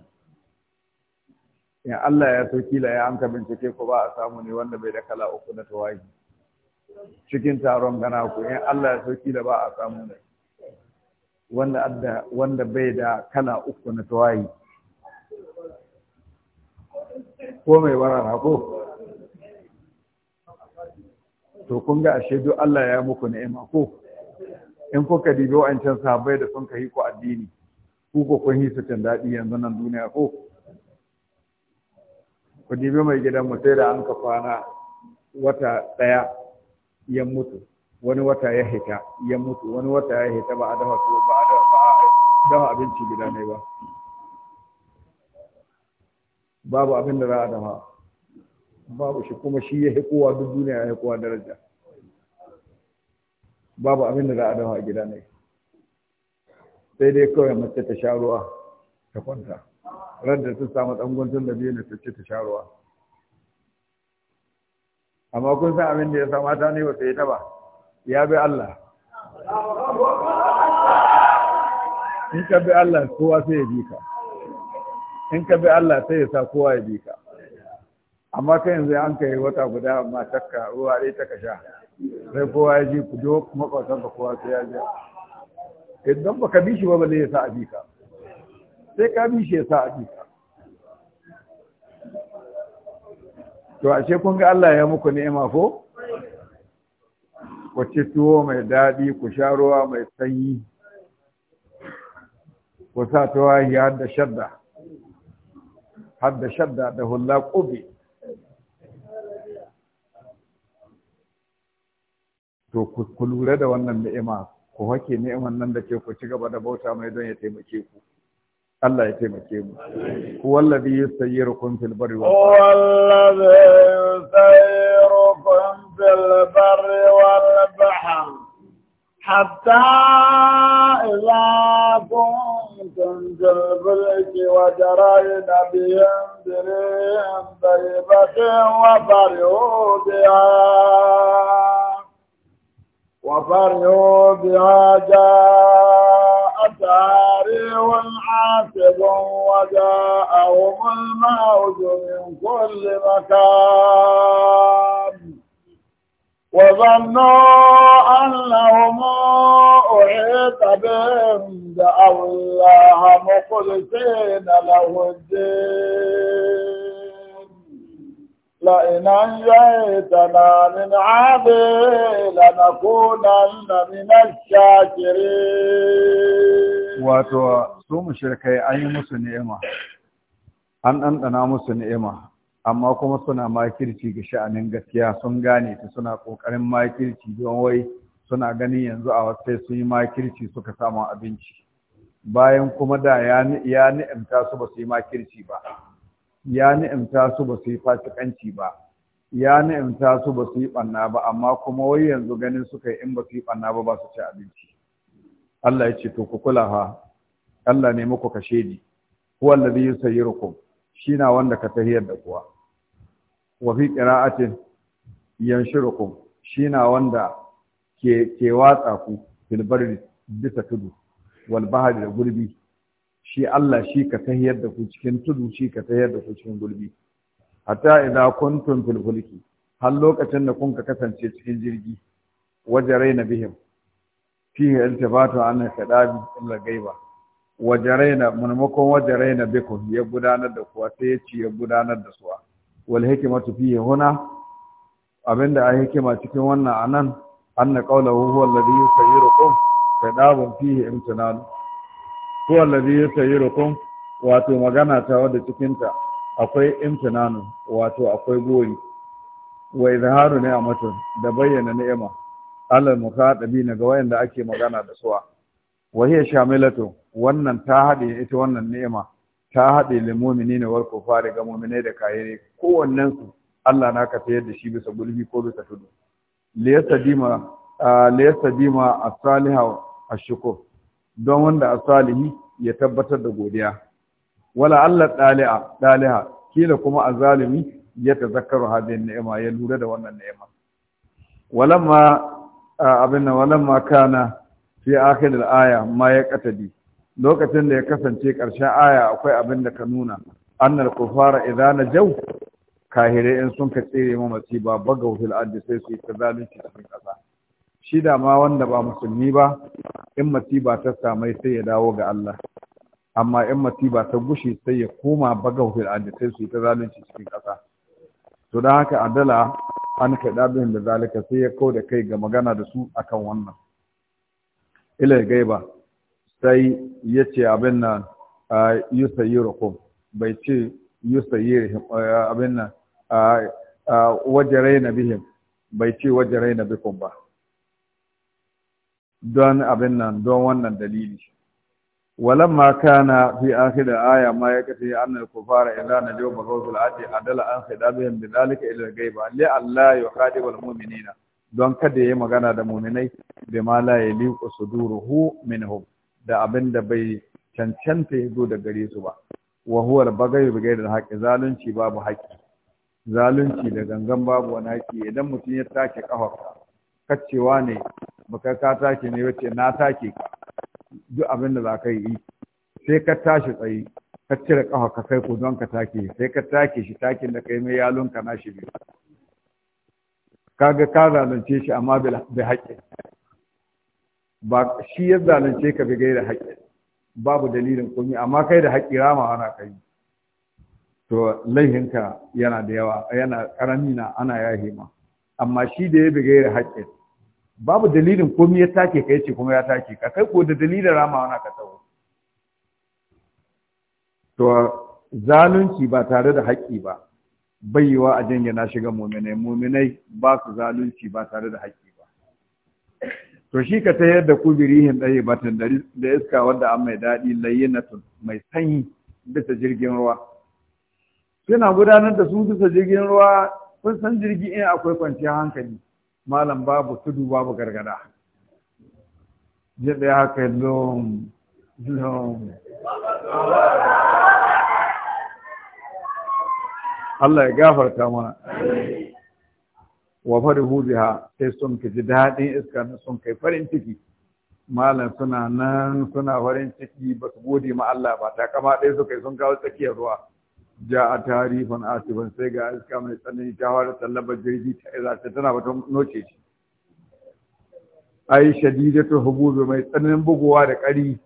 in Allah ya so kila ya an ka bincike ku ba a samu ne wanda bai da kala uku na tawahi cikin taron gana ku in Allah ya sauki da ba a samu ne wanda adda wanda bai da kala uku na tawayi ko mai warara ko to kun ga ashe duk Allah ya muku ni'ima ko in kuka dibi wa'ancan sahabbai da sun kai ku addini ku ko kun yi su daɗi yanzu nan duniya ko ku dibi mai gidan mu sai da an ka kwana wata ɗaya ya mutu wani wata ya hita ya mutu wani wata ya hita ba a dafa ko ba a dafa abinci gida ne ba babu abin da za a dafa babu shi kuma shi ya kowa duk duniya ya kowa daraja babu abin da za a dafa gida ne sai dai kawai mace ta sha ruwa ta kwanta ran da sun samu ɗan guntun da biyu ne ta ce ta sha ruwa amma kun san abin da ya sa mata ne ba sai ta ba ya bi Allah in ka bi Allah kowa sai ya bi ka in ka bi Allah sai ya sa kowa ya bi ka amma kai yanzu an kai wata guda amma takka ruwa dai ta kasha sai kowa ya ji ku do kuma makwatan ka kowa sai ya ji idan baka bi shi ba ba zai ya sa a bi ka sai ka bi shi ya sa a bi ka to ashe kun ga Allah ya muku ni'ima ko ku ci tuwo mai daɗi ku sha ruwa mai sanyi ku sa tuwa ya da shadda har shadda da hulla ƙube to ku lura da wannan ni'ima ku hake ni'iman nan da ke ku ci gaba da bauta mai don ya taimake ku الله يتمكي هو الذي يسيركم في البر والبحر هو الذي يسيركم في البر والبحر حتى إذا كنتم في الفلك وجرينا بهم بريم طيبة وفرحوا بها وفرحوا بها جاءتها ريح عاصف وجاءهم الموت من كل مكان وظنوا أنهم أحيط بهم دعوا الله مخلصين له الدين لئن أنجيتنا من عذي لنكونن من الشاكرين wato سوم mushrikai an yi musu an ɗanɗana musu ni'ima amma kuma suna makirci ga sha'anin gaskiya sun gane ta suna ƙoƙarin makirci don wai suna ganin yanzu a wasu sun yi makirci suka samu abinci bayan kuma da ya ni'imta su ba su yi makirci ba ya ni'imta su ba su yi fasikanci ba ya ni'imta su ba su yi banna ba amma kuma wai yanzu ganin suka yi in ba su yi banna ba ba su ci abinci Allah ya ce to ku kula ha Allah ne muku kashe ni huwa alladhi yusayyirukum shi na wanda ka tahiyar da kuwa wa fi qira'atin yanshurukum shi na wanda ke ke watsa ku fil bisa tudu wal da gurbi shi Allah shi ka tahiyar da ku cikin tudu shi ka tahiyar da ku cikin gulbi hatta idza kuntum fil fulki har lokacin da kun ka kasance cikin jirgi wajaraina bihim fi iltifatu an kadabi illa gaiba wajaraina munmakon wajaraina bikum ya gudanar da kuwa sai ya ci ya gudanar da suwa wal hikmatu fihi huna abinda ai hikima cikin wannan anan anna qawluhu huwa alladhi yusayyirukum kadabun fihi imtinan ya sayi yusayyirukum wato magana ta wadda cikinta akwai imtinanu wato akwai goyi wa a mutum? da bayyana ni'ima alal biyu ga wayanda ake magana da suwa wa hiya shamilatu wannan ta hade ita wannan ni'ima ta hade lil mu'minina wal kufari ga mu'mine da kayayyaki. kowannen Allah na ka tayar da shi bisa gulbi ko bisa tudu liyastadima liyastadima as-salihu ash-shukur don wanda a salihi ya tabbatar da godiya wala Allah ɗaliha kila kuma azalimi ya tazakkaru hadin ni'ima ya lura da wannan ni'ima walamma abin nan walamma kana fi akhir al-aya ma ya katadi lokacin da ya kasance ƙarshen aya akwai abin da ka nuna annal kufara idza najaw kahirai in sun ka tsere mu masiba wuhil ardi sai su yi ta zalunci cikin ƙasa shi da ma wanda ba musulmi ba in masiba ta samai sai ya dawo ga Allah amma in masiba ta gushe sai ya koma baga fil'adi sai su ta zalunci cikin ƙasa to don haka adala an kaɗa bihin da zalika sai ya kau da kai ga magana da su akan wannan ila gaiba sai ya ce abin nan yusayirukum bai ce yusayirihim abin nan wajarai na bihim bai ce wajarai na bikum ba don abin nan don wannan dalili walamma kana fi akhir aya ma yakati anna al-kufara idza najaw baghawtul ati adala an khidabihim bidalika ila al-ghaiba li alla yuqadib al-mu'minina don kada yayi magana da mu'minai bima la yaliqu suduruhu minhum da abin da bai cancanta ya da gare su ba wa huwa al bi ghayri al zalunci babu haƙƙi zalunci da gangan babu wani haƙƙi idan mutum ya take kafa kacewa ne baka ka take ne wace na take ka duk abin da za ka yi sai ka tashi tsaye ka cire ƙafa ka kai ko don ka take sai ka take shi takin da kai mai yalon ka na shi biyu kaga ka zalunce shi amma bai haƙƙi ba shi ya zalunce ka bai gaida haƙƙi babu dalilin komai amma kai da haƙƙi rama ana kai to laihinka yana da yawa yana karami na ana yahima amma shi da ya bi gaira haƙƙi babu dalilin komai ya take ka yace kuma ya take ka kai ko da dalilin rama wana ka tsawo to zalunci ba tare da haƙƙi ba bayyawa a na shiga muminai muminai ba su zalunci ba tare da haƙƙi ba to shi ka ta yadda kubirihin ɗaya batun da iska wanda an mai daɗi layyinatun mai sanyi bisa jirgin ruwa suna gudanar da su bisa jirgin ruwa kun san jirgi in akwai kwanciyar hankali malam babu tudu babu gargada ya haka lom lom Allah ya gafarta mana wa farihu ha sai sun ka ji daɗin iska sun kai farin ciki malam suna nan suna farin ciki ba su gode ma Allah ba ta kama ɗaya suka yi sun kawo tsakiyar ruwa ja a tarihin asiban sai ga iska mai tsanani ta da tallabar jirgi ta iza ce tana bata noce shi ai shadidatu hububi mai tsananin buguwa da ƙari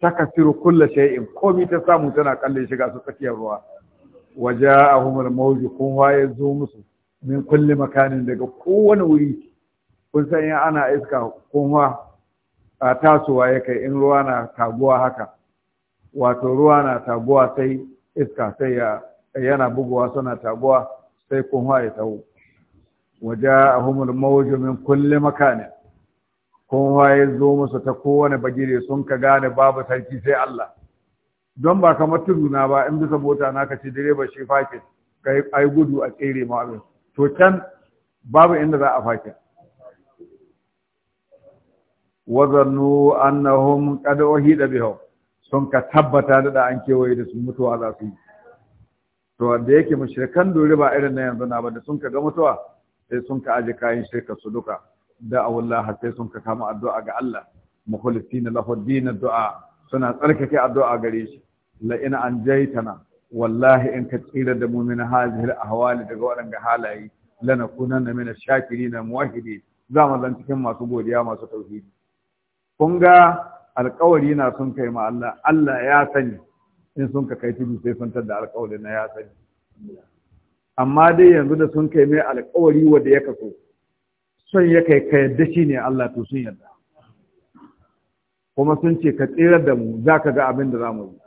ta kasiru kulla shay'in komai ta samu tana kallon shiga su tsakiyar ruwa waja'ahumul mawju kun waye zo musu min kulli makanin daga kowane wuri kun san ya ana iska kuma a tasowa ya kai in ruwa na taguwa haka wato ruwa na taguwa sai iska sai ya yana buguwa suna taguwa sai kunwa ya tawo waje ahumul mawju min kulli makani Kun ya zo musu ta kowane bagire sun ka gane babu sarki sai Allah don ba kamar tuduna ba in bisa mota na ka ce direba shi fakin kai ai gudu a tsere ma abin to can babu inda za a fakin wazannu annahum qad uhida bihum sun ka tabbata da an kewaye da su mutuwa za su yi to da yake mushrikan dori ba irin na yanzu na ba da sun ka ga mutuwa sai sun ka aje kayan shirka su duka da awullah sai sun ka kama addu'a ga Allah mukhlisin lahu din addu'a suna tsarkake addu'a gare shi la in anjaytana wallahi in ka tsira da mu min hawa ahwali daga waɗanda halaye lanakunanna min ash-shakirin muwahhidin za mu zan cikin masu godiya masu tauhidi kun ga alƙawari na sun kai ma Allah Allah ya sani in sun ka kai tudu sai sun tada alƙawari na ya sani amma dai yanzu da sun kai mai alƙawari wanda ya kaso son ya kai ka yadda shi ne Allah to sun yadda kuma sun ce ka tsirar da mu za ka ga abin da za mu yi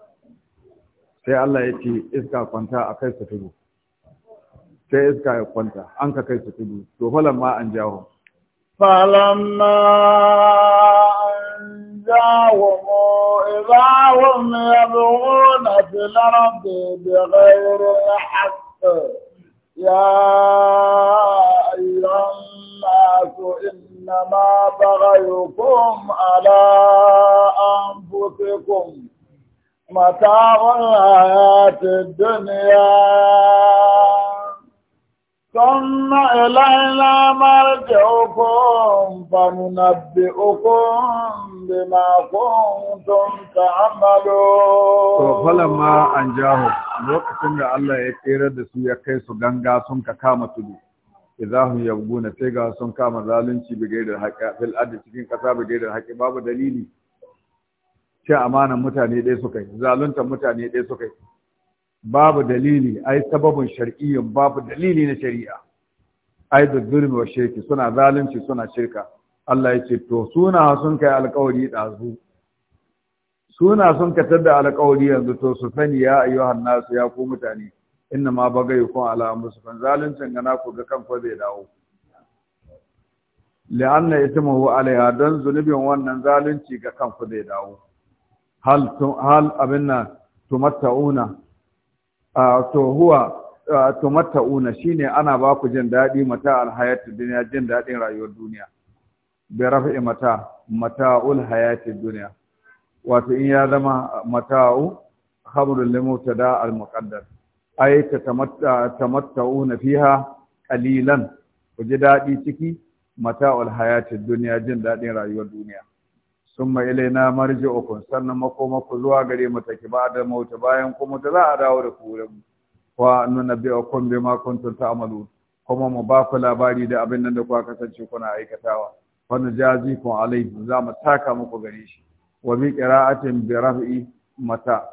sai Allah ya ce iska kwanta a kai su tudu sai iska ya kwanta an ka kai su tudu to falan ma an jawo falamma تنساهم إذا هم يبغون في الأرض بغير الحق يا أيها الناس إنما بغيكم على أنفسكم متاع الحياة الدنيا ثم إلينا مرجعكم فننبئكم بما كنتم تعملون to falamma an jaho lokacin da Allah ya tsere da su ya kai su ganga sun ka kama tudu idahum yabguna sai ga sun kama zalunci bi gaidar haƙi fil adi cikin ƙasa bi gaidar haƙi babu dalili ce amanan mutane ɗaya suka yi zaluntar mutane ɗaya suka yi babu dalili ai sababin shar'iyyin babu dalili na shari'a ai da zulmi wa shirki suna zalunci suna shirka Allah ya ce to suna sun kai alƙawari ɗazu suna sun katar da alƙawari yanzu to su sani ya ayyuhan nasu ya ku mutane inna ma bagayukum ala anfusikum zaluncin gana ku ga kanku zai dawo la'anna ismuhu alaiha don zunubin wannan zalunci ga ku zai dawo hal hal abin nan tumatta'una to huwa tumatta'una shine ana ba ku jin daɗi mata alhayatu duniya jin daɗin rayuwar duniya bi raf'i mata mata'ul hayatid dunya wato in ya zama mata'u khabarul limutada al muqaddas ay tatamatta tamatta'una fiha qalilan ku ji dadi ciki mata'ul hayatid dunya jin dadin rayuwar duniya summa ilaina marji'ukum sannan makomako zuwa gare mu take ba da mauta bayan kuma ta za a dawo da ku wurin wa nunabbi'ukum bima kuntum ta'malun kuma mu ba ku labari da abin nan da ku kasance kuna aikatawa wani jazi kun alai za mu taka muku gare shi wa bi qira'atin bi raf'i mata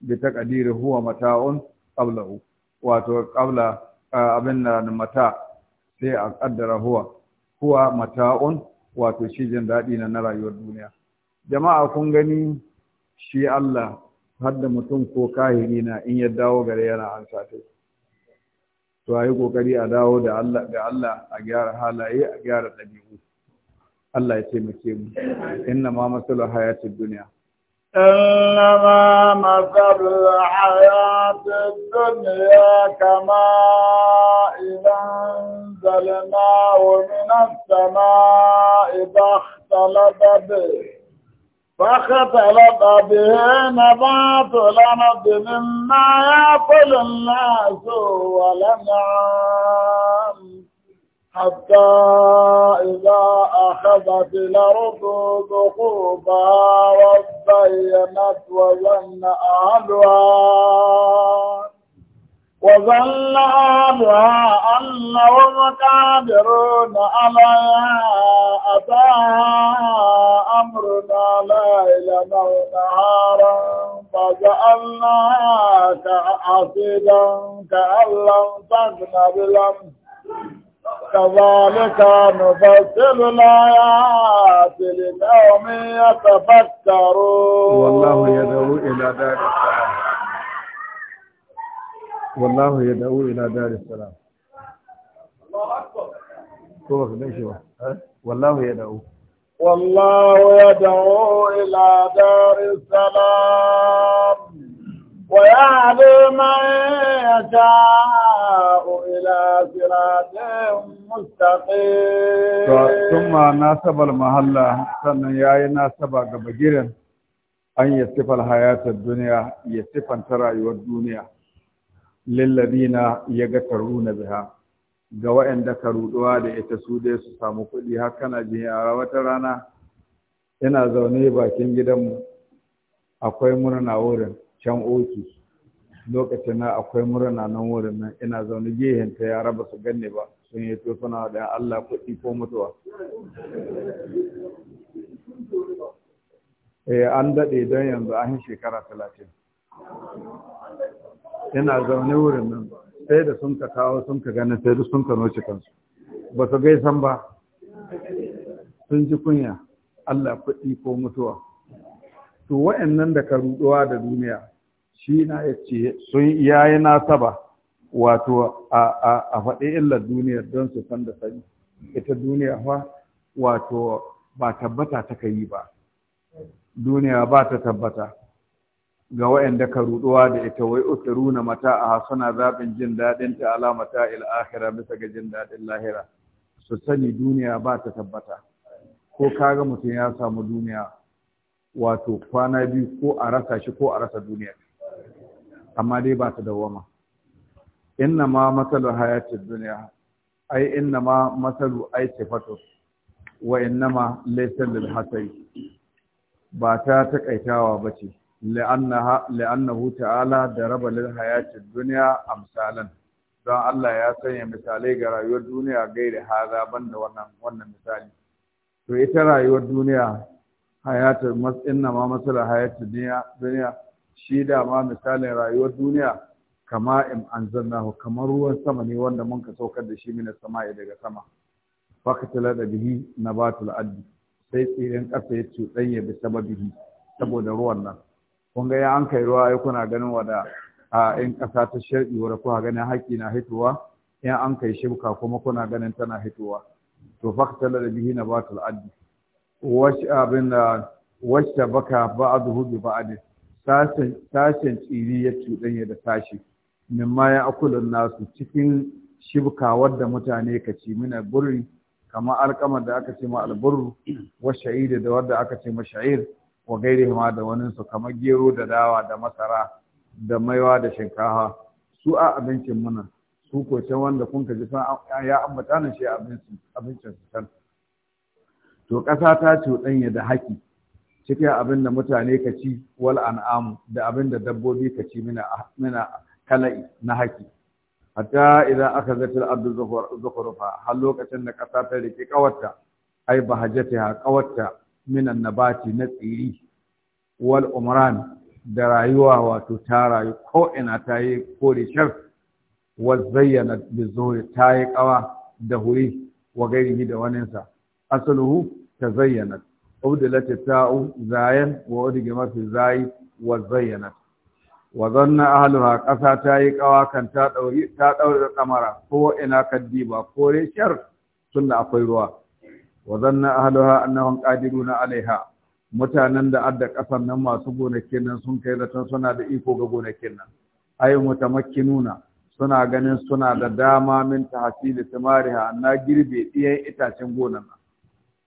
bi taqdiri huwa mata'un qablahu wato qabla abin nan mata sai a kaddara huwa huwa mata'un wato shi jin daɗi na na rayuwar duniya jama'a kun gani shi Allah hadda mutum ko kahiri na in ya dawo gare yana an ta to ayi kokari a dawo da Allah Allah a gyara halaye a gyara ɗabi'u الله ya إنما مثل حياة الدنيا إنما مثل الحياة الدنيا إذا أنزلناه من السماء فاختلط به فاختلط به نبات الأرض مما يأكل الناس ولنا حتى إذا أخذت الأرض ذقوبها وزينت وظن أهلها وظن أهلها أنهم قادرون عليها أتاها أمرنا ليلا أو نهارا فجعلناها كعصيدا كأن لم تكن بالأمس كذلك نفصل الآيات لقوم يتفكرون والله يدعو إلى دار السلام والله يدعو إلى دار السلام الله أكبر والله يدعو والله يدعو إلى دار السلام ويعد من يشاء إلى سراط مستقيم ثم ناسب المحلة سنة ياي ناسبة قبجيرا أن يصف الحياة الدنيا يصف أن ترى الدنيا للذين يقترون بها ga waɗanda ka ruɗuwa da ita su dai su samu kuɗi har kana jin yara wata rana ina zaune bakin gidanmu akwai murna wurin can oki lokacin na akwai murna nan wurin nan ina zaune gehen ta yara ba su ganne ba sun yi to suna da Allah kuɗi ko mutuwa eh an daɗe don yanzu an shekara talatin ina zaune wurin nan sai da sun ka kawo sun ka gani sai da sun ka noce kansu ba su gaisan ba sun ji kunya Allah kuɗi ko mutuwa to wa'annan da ka ruɗuwa da duniya shi na ya ce sun yayi nasaba wato a faɗi illar duniyar don su san da sani ita duniya fa wato ba tabbata ta yi ba duniya ba ta tabbata ga wa'anda ka ruɗuwa da ita wai utiruna mata a suna zabin jin daɗin ta alamata akhirah bisa ga jin daɗin lahira su sani duniya ba ta tabbata ko kaga mutum ya samu duniya wato kwana biyu ko a rasa shi ko a rasa duniya amma dai ba ta dawama inna ma masalu hayatid duniya ai inna ma masalu ai sifatu wa inna ma laysa lil hasai ba ta takaitawa bace la'anna la'annahu ta'ala daraba lil hayatid duniya amsalan don Allah ya sanya misalai ga rayuwar duniya gaida haza banda wannan wannan misali to ita rayuwar duniya hayatar na ma masala hayatar duniya shi da ma misalin rayuwar duniya kama in an zanna. kamar ruwan sama ne wanda mun ka saukar da shi mina sama daga sama fakatala da bihi nabatul addi sai tsirin ƙasa ya cuɗanya bi sababihi saboda ruwan nan kun ga ya an kai ruwa ai kuna ganin wada a in ƙasa ta sharɗi wada kuka ganin haƙƙi na hitowa in an kai shibka kuma kuna ganin tana hitowa to fakatala da bihi nabatul addi wasu abin da ba a zuhu bi ba'adin sashen tsiri ya cuɗanya da sashi min ma ya akulun nasu cikin shibka wadda mutane ka ci mina burri kamar alkamar da aka ce ma alburu wa sha'ida da wadda aka ce ma sha'ir wa gairi ma da wani su kamar gero da dawa da masara da maiwa da shinkafa su a abincin muna su ko can wanda kun ka ji san ya ambata nan shi abincin abincin su to ƙasa ta cuɗanya da haƙi cikin abin da mutane ka ci wal an'amu da abin da dabbobi ka ci mina kala'i na haƙi hatta idan aka zatil abdu zukhrufa har lokacin da ƙasa ta rike ƙawarta ai ba ya ƙawarta minan nabati na tsiri wal umran da rayuwa wato ta rayu ko ina ta yi kore shar wa zayyana bi zuhri ta yi ƙawa da huri wa gairihi da waninsa asaluhu ta zayyana ubdilat ta'u zayan wa udgima fi zayi wa zayyana wa zanna ahluha qasa ta yi kawa kan ta dauri ta daure kamara ko ina kaddiba ko reshar tunda akwai ruwa wa zanna ahluha annahum qadiruna alaiha mutanen da adda kasan nan masu gonakin nan sun kai zaton suna da iko ga gonakin nan ay mutamakkinuna suna ganin suna da dama min da tamariha na girbe diyan itacen gonan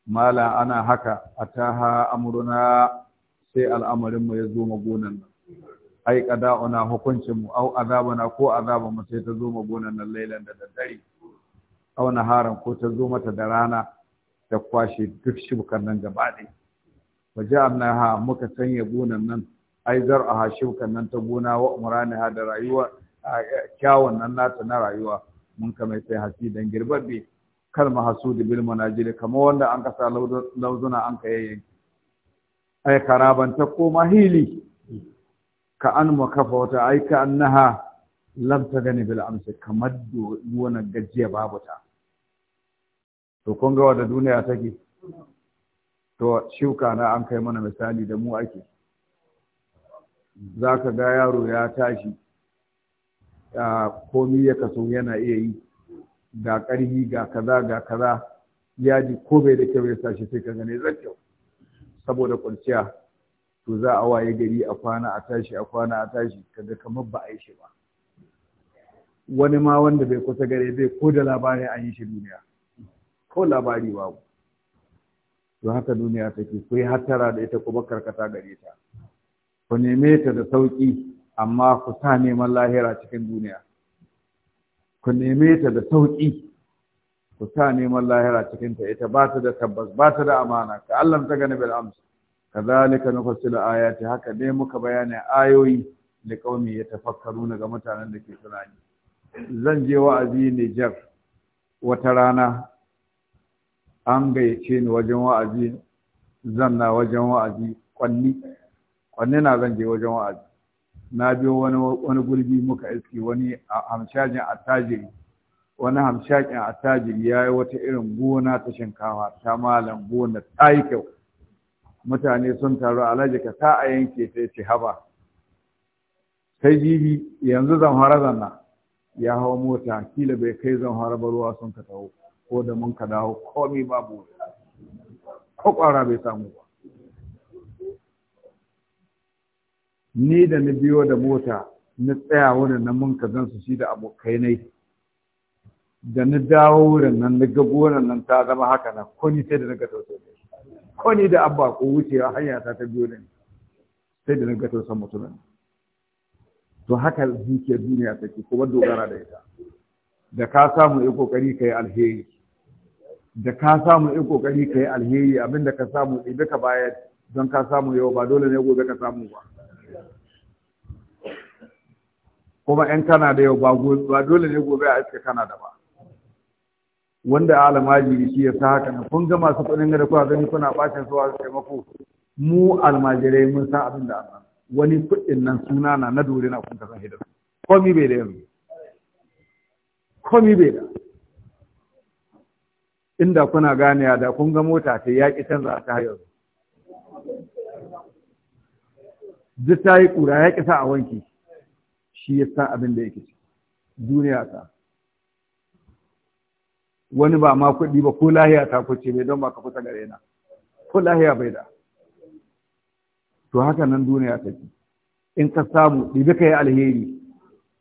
mala ana haka a taha amuruna sai al'amarinmu ya zo magonan nan ai qada'una hukuncinmu au azabana ko mu sai ta zo magonan nan lailan da daddare au naharan ko ta zo mata da rana ta kwashe duk shibkan nan gaba ɗaya amna ha muka sanya gonan nan ai zar a shibkan nan ta gona wa ha da rayuwa kyawun nan nata na rayuwa mun kamar sai hasi dan girbabbe kan mahasudi bil manajir kamar wanda an kasa lauzuna an ka yayyanki ai karaban ta koma hili ka an makafa wata ai ka annaha lam ta gani bil amsi kamar duwana gajiya babu ta to kun ga wadda duniya take to shuka na an kai mana misali da mu ake za ka ga yaro ya tashi komi ya kaso yana iya yi ga ƙarfi ga kaza ga kaza yaji ko bai da kyau ya sashi sai ka gane zan kyau saboda kwanciya to za a waye gari a kwana a tashi a kwana a tashi kaga kamar ba a yi shi ba wani ma wanda bai kusa gare zai, ko da labarin an yi shi duniya ko labari babu to haka duniya take ku yi hattara da ita kuma karkata gare ta ku neme ta da sauki amma ku sa neman lahira cikin duniya ku neme ta da sauƙi ku sa neman lahira cikin ta ita ba ta da tabbas ba ta da amana ka Allah ta gani bil amsa kazalika nufassilu ayati haka ne muka bayani ayoyi da kaumi ya tafakkaru ga mutanen da ke tunani zan je wa'azi Niger wata rana an gayyace ni wajen wa'azi zan na wajen wa'azi kwanni kwanni na zan je wajen wa'azi na biyo wani wani gurbi muka iske wani hamshajin attajiri wani hamshakin attajiri ya yi wata irin gona ta shinkawa ta malam gona ta yi kyau mutane sun taru a ka ta a yanke sai ce haba sai jibi yanzu zamfara zanna ya hau mota kila bai kai zamfara ba ruwa sun ka taho ko da mun ka dawo komi babu kwakwara bai samu ba ni da na biyo da mota na tsaya wani na mun ka su shi da abokai ne da na dawo wurin nan na ga gonan nan ta zama haka na ko ni sai da na ga tausayi ko ni da abba ko wucewa hanya ta ta biyo ne sai da na ga san mutumin to haka zuciyar duniya take kuma dogara da ita da ka samu yi kokari ka yi alheri da ka samu yi kokari ka yi alheri abinda ka samu idan ka bayar don ka samu yau ba dole ne gobe ka samu ba kuma 'yan kana da yau ba dole ne gobe a iska kana da ba wanda almajiri shi ya sa haka na kun ga masu kudin da kuwa gani kuna bacin suwa su taimako mu almajirai mun san abin da Allah wani kuɗin nan suna na na dore na kun ka san hidar komi bai da yanzu komi bai da inda kuna gane da kun ga mota ta yaƙi canza ta yanzu duk ta yi ƙura yaƙi sa a wanki shi ya san abin da yake ci duniya ta wani ba ma kuɗi ba ko lahiya ta kuce mai don ba ka kusa gare na ko lahiya bai da to haka nan duniya ta ci in ka samu ɗibi ka yi alheri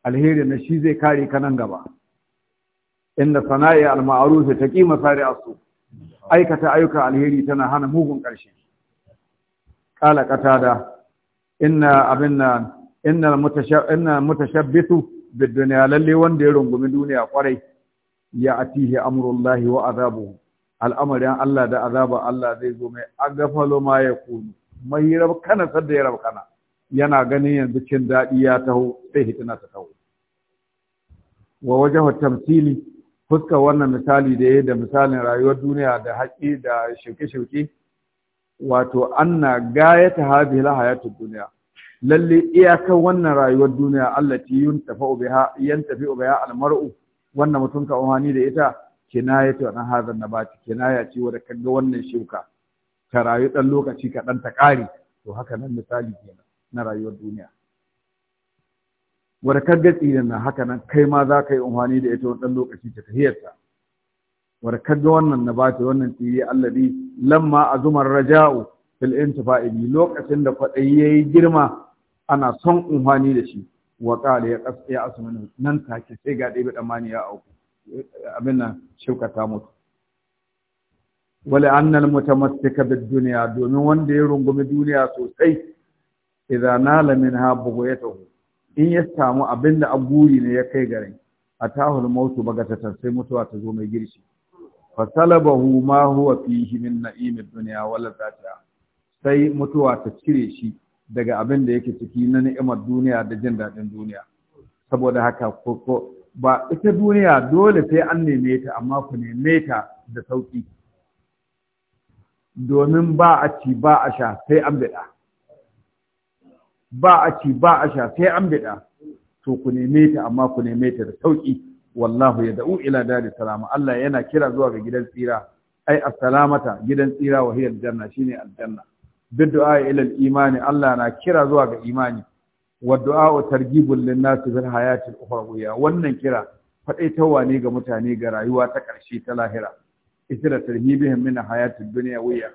alheri na shi zai kare ka nan gaba inda sana'i al sai ta kima a asu aikata ayyukan alheri tana hana mugun ƙarshe ƙala qatada inna nan innal mutashabbitu bid dunya lalle wanda ya rungumi duniya kwarai ya atihi amrullahi wa azabuhu al'amarin Allah da azaba Allah zai zo mai agafalo ma ya kunu mai rabkana sadda ya rabkana yana ganin yanzu cin daɗi ya taho sai hitina ta taho wa wajahu tamsili fuska wannan misali da yayi da misalin rayuwar duniya da haƙi da shauke-shauke wato anna gayata hadhihi hayatud dunya lalle iyakar wannan rayuwar duniya allati yuntafa biha yantafi biha almar'u wannan mutum ka umani da ita kinaya ta wannan hazan nabati kinaya ce wanda ga wannan shuka Ka rayu dan lokaci ka dan ta kare to haka nan misali kenan na rayuwar duniya wanda kaga tsirin nan haka nan kai ma za ka yi umani da ita wani dan lokaci ta tahiyarta wanda ga wannan na nabati wannan tsiri alladi lamma azumar raja'u fil intifa'i lokacin da kwaɗayi yayi girma ana son unhwani da shi wa ƙara ya asu asmanu nan take sai ga dai mani ya auku abin nan shauka ta mutu wala annal mutamassika da duniya domin wanda ya rungumi duniya sosai idan na lamin bugu ya tafi in ya samu abin da aguri ne ya kai garin atahul mautu ta sai mutuwa ta zo mai girshi fasalabahu ma huwa fihi min naimin duniya wala zatiha sai mutuwa ta cire shi daga abin da yake ciki na ni'imar duniya da jin daɗin duniya saboda haka ko ba ita duniya dole sai an neme ta amma ku neme ta da sauƙi domin ba a ci ba a sha sai an biɗa ba a ci ba a sha sai an biɗa to ku neme ta amma ku neme ta da sauƙi wallahu ya da'u ila dari salama Allah yana kira zuwa ga gidan tsira ai assalamata gidan tsira wa janna, aljanna shine aljanna bid'a ila al-imani Allah na kira zuwa ga imani wa du'a targhibul lin-nas fil hayatil ukhrawiyya wannan kira fadaitawa ne ga mutane ga rayuwa ta ƙarshe ta lahira isra tarhibihim min duniya dunyawiyya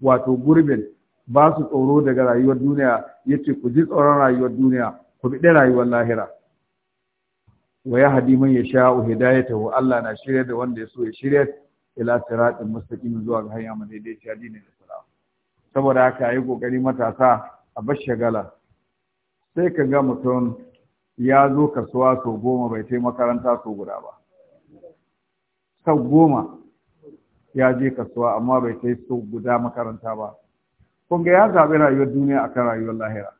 wato gurbin ba su tsoro daga rayuwar duniya yace ku ji tsoron rayuwar duniya ku bi rayuwar lahira wa yahdi man yasha'u hidayatahu Allah na shirye da wanda ya so ya shirye ila siratin mustaqim zuwa ga hanya madaidaiciya dinin saboda haka yi kokari matasa a bar shagala sai ka ga mutum ya zo kasuwa sau goma bai tai makaranta sau guda ba sau goma ya je kasuwa amma bai kai sau guda makaranta ba kun ga ya zaɓi rayuwar duniya akan rayuwar lahira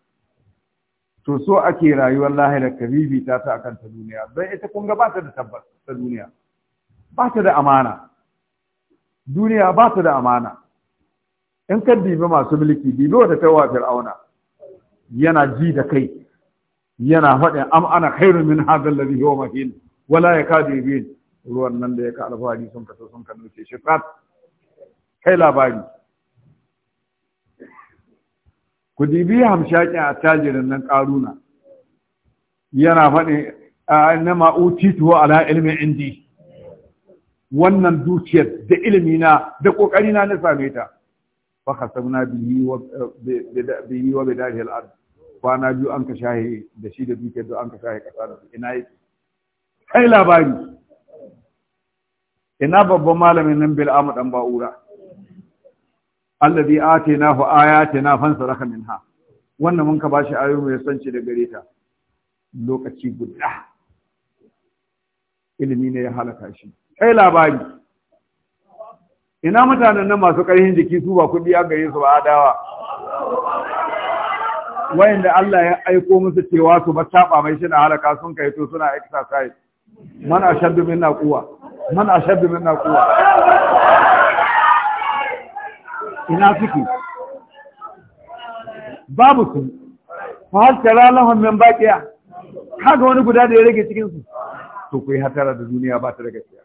to so ake rayuwar lahira ka bibita ta akan ta duniya don ita kun ga ba ta da tabbas ta duniya ba ta da amana duniya ba ta da amana in ka dibi masu mulki dibi wata wa fir'auna yana ji da kai yana faɗin am ana khairu min hadha alladhi huwa mahin wala yakadu yubin ruwan nan da yake alfahari sun kaso sun kan nuce shi kai labari ku dibi hamshakin attajirin nan karuna yana faɗi na ma'utitu ala ilmin indi wannan dukiyar da ilimina da ƙoƙarina na same ta fa به bihi wa الارض wa bidarihi al-ard دشي biyu an ka shahe da shi da dukiyar da an ka shahe kasa da ina yake kai labari ina babban malamin nan bil dan ba'ura fansa raka minha wannan mun ka bashi ayo mai sanci da gare ta lokaci guda ilimi ne ya halaka shi kai labari ina mutanen nan masu ƙarfin jiki su ba kuɗi a gare su ba adawa wayanda Allah ya aiko musu cewa su ba taba mai shi na halaka sun kai to suna exercise man ashaddu minna quwwa man ashaddu minna quwwa ina suke babu su fa har tara lahum min baqiya kaga wani guda da ya rage cikin su to ku yi hatara da duniya ba ta daga gaskiya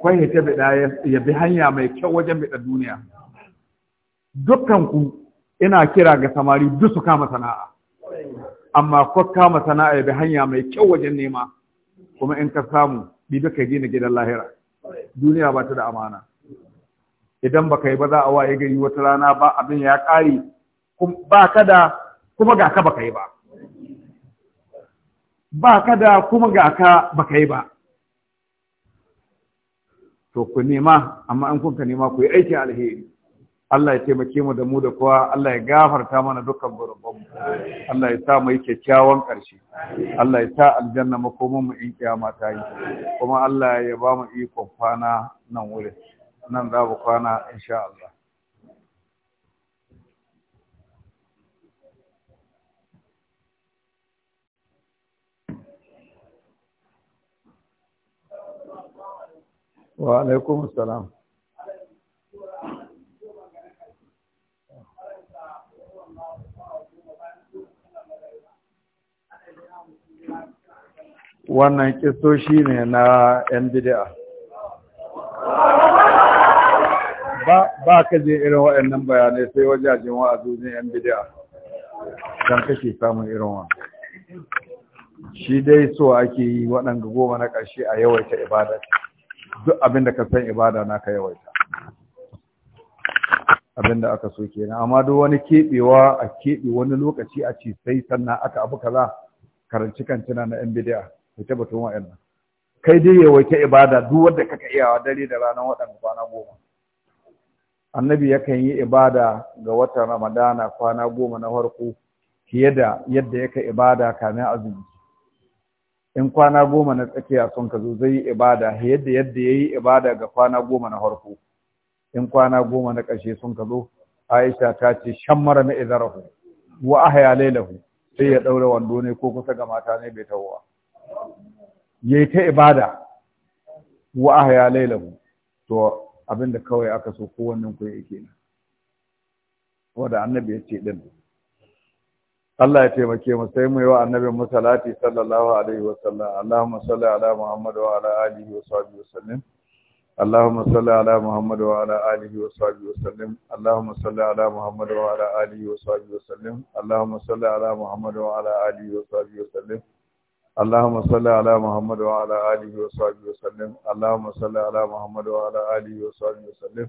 kwan ya ta bida ya bi hanya mai kyau wajen bida duniya dukkan ku ina kira ga samari duk su kama sana'a amma ko kama sana'a ya bi hanya mai kyau wajen nema kuma in ka samu bi duka gina gidan lahira duniya ba ta da amana idan ba ka yi ba za a waye gari wata rana ba abin ya ƙari ba ka da kuma ga ka ba ka ba ba ka da kuma ga ka ba ka yi ba to ku nema amma an kun ka nema ku yi aikin alheri Allah ya taimake mu da mu da kowa Allah ya gafarta mana dukkan gurbin Allah ya sa mu yi kyakkyawan ƙarshe Allah ya sa aljanna makomin mu in kiyama ta yi kuma Allah ya ba mu ikon kwana nan wurin nan za mu kwana insha Allah wa alaikum salam wannan shi ne na 'yan bid'a ba ka je irin waɗannan bayanai sai wajajen wa'azu ne 'yan bid'a don kake samun irin wa shi dai so ake yi waɗanda goma na ƙarshe a yawaita ibadar duk abin da ka san ibada na ka yawaita abin da aka so kenan amma duk wani kebewa a keɓe wani lokaci a ce sai sannan aka abu kaza karanci tana na yan bidiya ta tabbatun wa'annan kai dai yawaita ibada duk ka kaka iyawa dare da ranar waɗanda kwana goma annabi yakan yi ibada ga watan ramadana kwana goma na farko fiye da yadda yaka ibada kamin azumi in kwana goma na tsakiya sun ka zo zai yi ibada yadda yadda ya yi ibada ga kwana goma na harko in kwana goma na ƙashe sun ka zo aisha ta ce shan mara na izarahu wa ahaya lailahu sai ya ɗaura wando ne ko kusa ga mata ne bai tawowa yayi ta ibada wa ahaya lailahu to abinda kawai aka so kowannen ku yake na. wanda annabi ya ce din Allah ya taimake mu sai mu yi wa annabin mu salati sallallahu alaihi wa sallam Allahumma salli ala Muhammad wa ala alihi wa sahbihi wa sallim Allahumma salli ala Muhammad wa ala alihi wa sahbihi wa sallim Allahumma salli ala Muhammad wa ala alihi wa sahbihi wa sallim Allahumma salli ala Muhammad wa ala alihi wa sahbihi wa sallim Allahumma salli ala Muhammad wa ala alihi wa sahbihi wa sallim Allahumma salli ala Muhammad wa ala alihi wa sahbihi wa sallim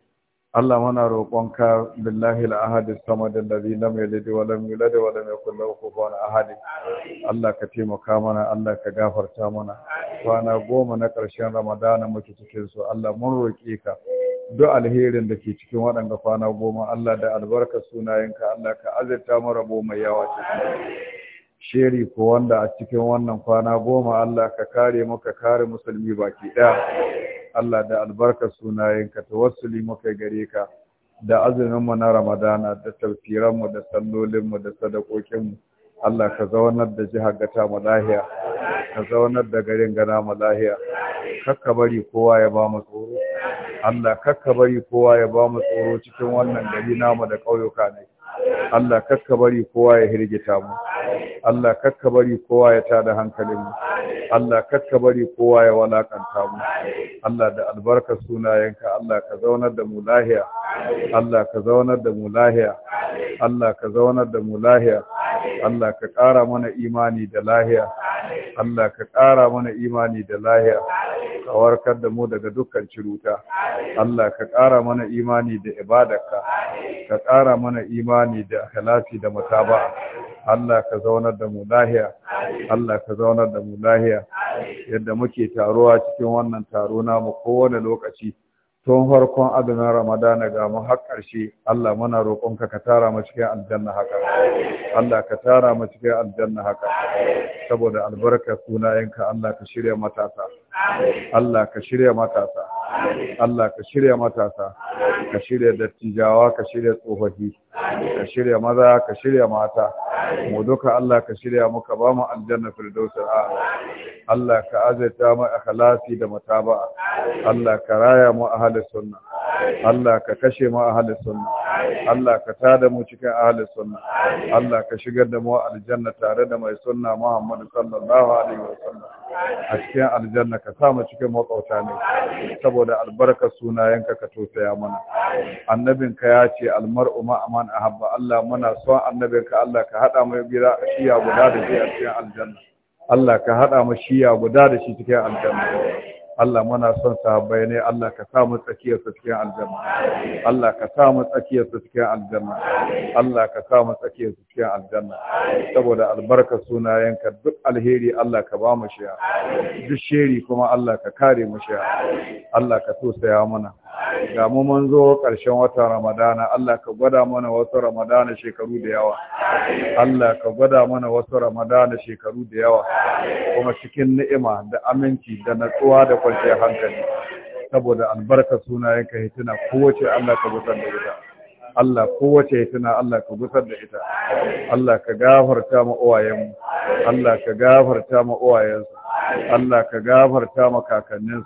Allah muna roƙonka billahi al-ahad as-samad alladhi lam yalid wa lam yulad wa lam yakul lahu kufuwan ahad Allah ka taimaka mana Allah ka gafarta mana kwana goma na ƙarshen Ramadana muke cikin su Allah mun roƙe ka duk alherin da ke cikin waɗanda kwana goma Allah da albarka sunayenka Allah ka azurta mu rabo mai yawa cikin Sheri, ko wanda a cikin wannan kwana goma Allah ka kare muka kare musulmi baki ɗaya Allah da albarka sunayenka tawassuli muka gare ka da azumin mu na Ramadana da tafsiran da sallolinmu, da sadakokin mu Allah ka zaunar da jihar gata mu lahiya ka zaunar da garin gana mu lahiya kakka bari kowa ya ba mu tsoro Allah kakka bari kowa ya ba mu tsoro cikin wannan gari namu da ƙauyuka ne Allah kakka bari kowa ya hirgita mu Allah kakka bari kowa ya tada hankalin mu Allah kakka bari kowa ya walakanta mu Allah da albarka sunayenka Allah ka zaunar da mu lahiya Allah ka zaunar da mu lahiya Allah ka zaunar da mu lahiya Allah ka ƙara mana imani da lahiya Allah ka ƙara mana imani da lahiya ka warkar da mu daga dukkan ciruta Allah ka ƙara mana imani da ibadarka ka ƙara mana imani da ikhlasi da mutaba Allah ka zaunar da mu lahiya Allah ka zaunar da mu lahiya yadda muke taruwa cikin wannan taro namu kowane lokaci tun farkon adana ramadana ga mu har ƙarshe Allah muna roƙonka ka tara mu cikin aljanna haka Allah ka tara mu cikin aljanna haka saboda albarkar sunayenka Allah ka shirya matasa Allah ka shirya matasa Allah ka shirya matasa ka shirya dattijawa ka shirya tsofaffi ka shirya maza ka shirya mata mu duka Allah ka shirya muka ba mu aljanna firdausul a'la Allah ka azaita mu akhlasi da mataba'a Allah ka raya mu ahlus sunna Allah ka kashe mu ahlus sunna Allah ka tada mu cikin ahlus sunna Allah ka shigar da mu aljanna tare da mai sunna Muhammad sallallahu alaihi wasallam a cikin aljanna ka sa mu cikin makwauta ne saboda albarkar sunayenka ka tosaya mana annabin ka ya ce almar'u ma aman ahabba Allah muna son annabin ka Allah ka hada mu gida shiya guda da shi a cikin aljanna Allah ka hada mu shiya guda da shi cikin aljanna Allah muna son sahabbai ne Allah ka sa mu tsakiyar su cikin aljanna Allah ka sa mu tsakiyar su cikin aljanna Allah ka sa mu tsakiyar su cikin aljanna saboda albarka sunayenka duk alheri Allah ka ba mu shi duk sheri kuma Allah ka kare mu shi Allah ka tosaya Muna. ga mu mun zo ƙarshen watan ramadana Allah ka gwada mana wasu ramadana shekaru da yawa Allah ka gwada mana wasu ramadana shekaru da yawa kuma cikin ni'ima da aminci da natsuwa da kwanciyar hankali saboda albarka sunayenka hituna kowace Allah ka gusar da ita Allah kowace hituna Allah ka gusar da ita Allah ka gafarta ma uwayenmu Allah ka gafarta ma uwayensu Allah ka gafarta ma kakanninsu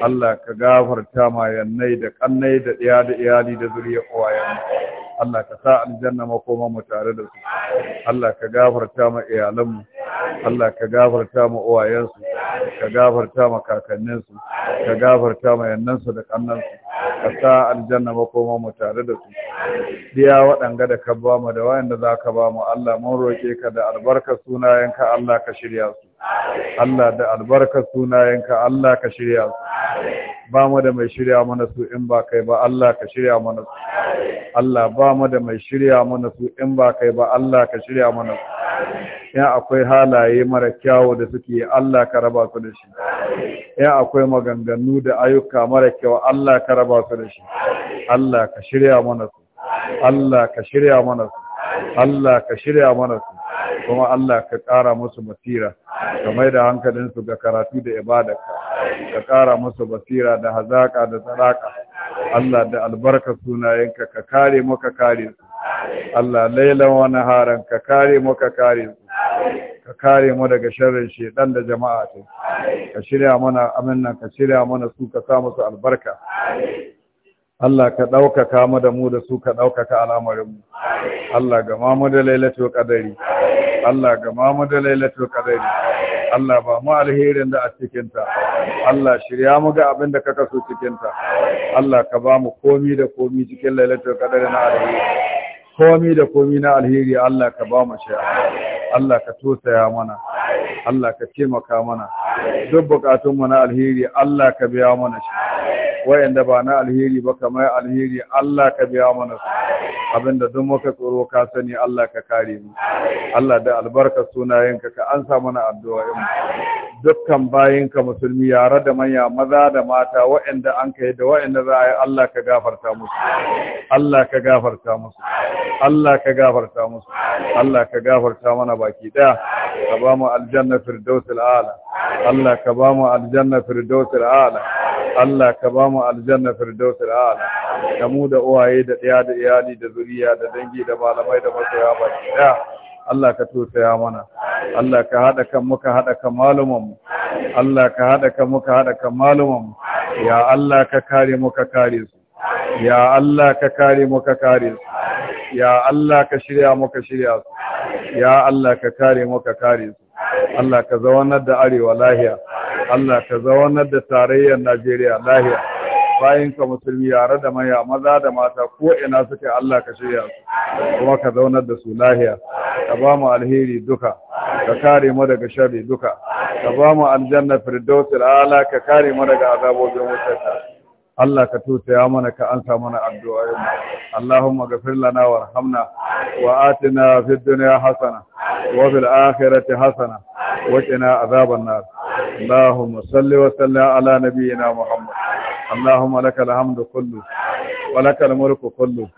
Allah ka gafarta ma yannai da kannai da ɗaya da iyali da zuriya uwayen Allah ka sa aljanna makoma mu tare da su Allah ka gafarta ma iyalanmu Allah ka gafarta ma su ka gafarta ma kakanninsu ka gafarta ma su da su. ka sa aljanna makoma mu tare da su diya waɗanga da ka ba mu da wayanda za ka ba mu Allah mun roƙe ka da albarkar ka Allah ka shirya su Allah da albarkar sunayenka Allah ka shirya su ba mu da mai shirya mana su in ba kai ba Allah ka shirya mana su Allah ba mu da mai shirya mana su in ba kai ba Allah ka shirya mana su ya akwai halaye mara kyawu da suke Allah ka raba su da shi ya akwai maganganu da ayyuka mara kyau Allah ka raba su da shi Allah ka shirya mana su Allah ka shirya mana su Allah ka shirya mana su kuma Allah ka ƙara musu basira ka mai da hankalinsu ga karatu da ibadarka ka ƙara musu basira da hazaƙa da tsaraka Allah da albarka sunayenka ka kare mu ka kare su Allah lailan wa naharan ka kare mu ka kare su ka kare mu daga sharrin shedan da jama'a ta ka shirya mana amin ka shirya mana su ka sa musu albarka Allah ka ɗaukaka mu da mu da su ka ɗaukaka al'amarinmu. Allah ga mamu da lailatu ƙadari. Allah ga mamu da lailatu ƙadari. Allah ba mu alherin da a cikinta. Allah shirya mu ga abin da kaka so cikinta. Allah ka ba mu komi da komi cikin lailatu ƙadari na alheri. komi da komi na alheri Allah ka ba mu Allah ka tosaya mana Allah ka taimaka mana duk bukatun mu na alheri Allah ka biya mana shi wayanda ba na alheri ba kamar alheri Allah ka biya mana su abinda duk muka tsoro ka sani Allah ka kare mu Allah da albarka sunayenka ka ansa mana addu'a dukkan bayinka musulmi yare da manya maza da mata waɗanda an kai da waɗanda za a yi Allah ka gafarta musu Allah ka gafarta musu Allah ka gafarta musu Allah ka gafarta mana baki ɗaya ka ba mu aljanna firdausul ala Allah ka ba mu aljanna firdausul ala Allah ka ba mu aljanna firdausul ala da mu da uwaye da ɗaya da iyali da zuriya da dangi da malamai da masoya baki ɗaya Allah ka tosaya mana Allah ka hada kan muka hada kan malumanmu Allah ka hada kan muka hada kan malumanmu ya Allah ka kare muka kare su ya Allah ka kare muka kare su ya Allah ka shirya muka shirya su ya Allah ka kare muka kare su Allah ka zaunar da arewa lahiya Allah ka zaunar da tarayyar Najeriya lahiya bayinka musulmi yare da maya maza da mata ko ina suke Allah ka shirya su kuma ka zaunar da su lahiya ka ba mu alheri duka ka kare mu daga sharri duka ka ba mu aljanna firdausul ala ka kare mu daga azabobin wutarka Allah ka ya mana ka ansa mana addu'o'in Allahumma ghafir lana warhamna wa atina fid dunya hasana وفي الآخرة حسنة وقنا عذاب النار اللهم صل وسلم على نبينا محمد اللهم لك الحمد كله ولك الملك كله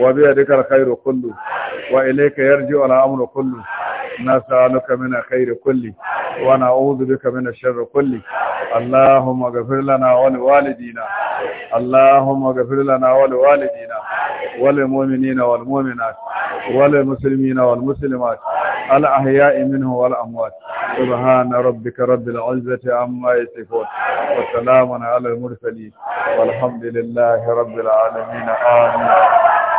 وبيدك الخير كله وإليك يرجع الأمر كله نسألك من خير كله ونعوذ بك من الشر كله اللهم اغفر لنا ولوالدينا اللهم اغفر لنا ولوالدينا وللمؤمنين والمؤمنات وللمسلمين والمسلمات الأحياء منه والأموات سبحان ربك رب العزة عما يصفون وسلام على المرسلين والحمد لله رب العالمين آمين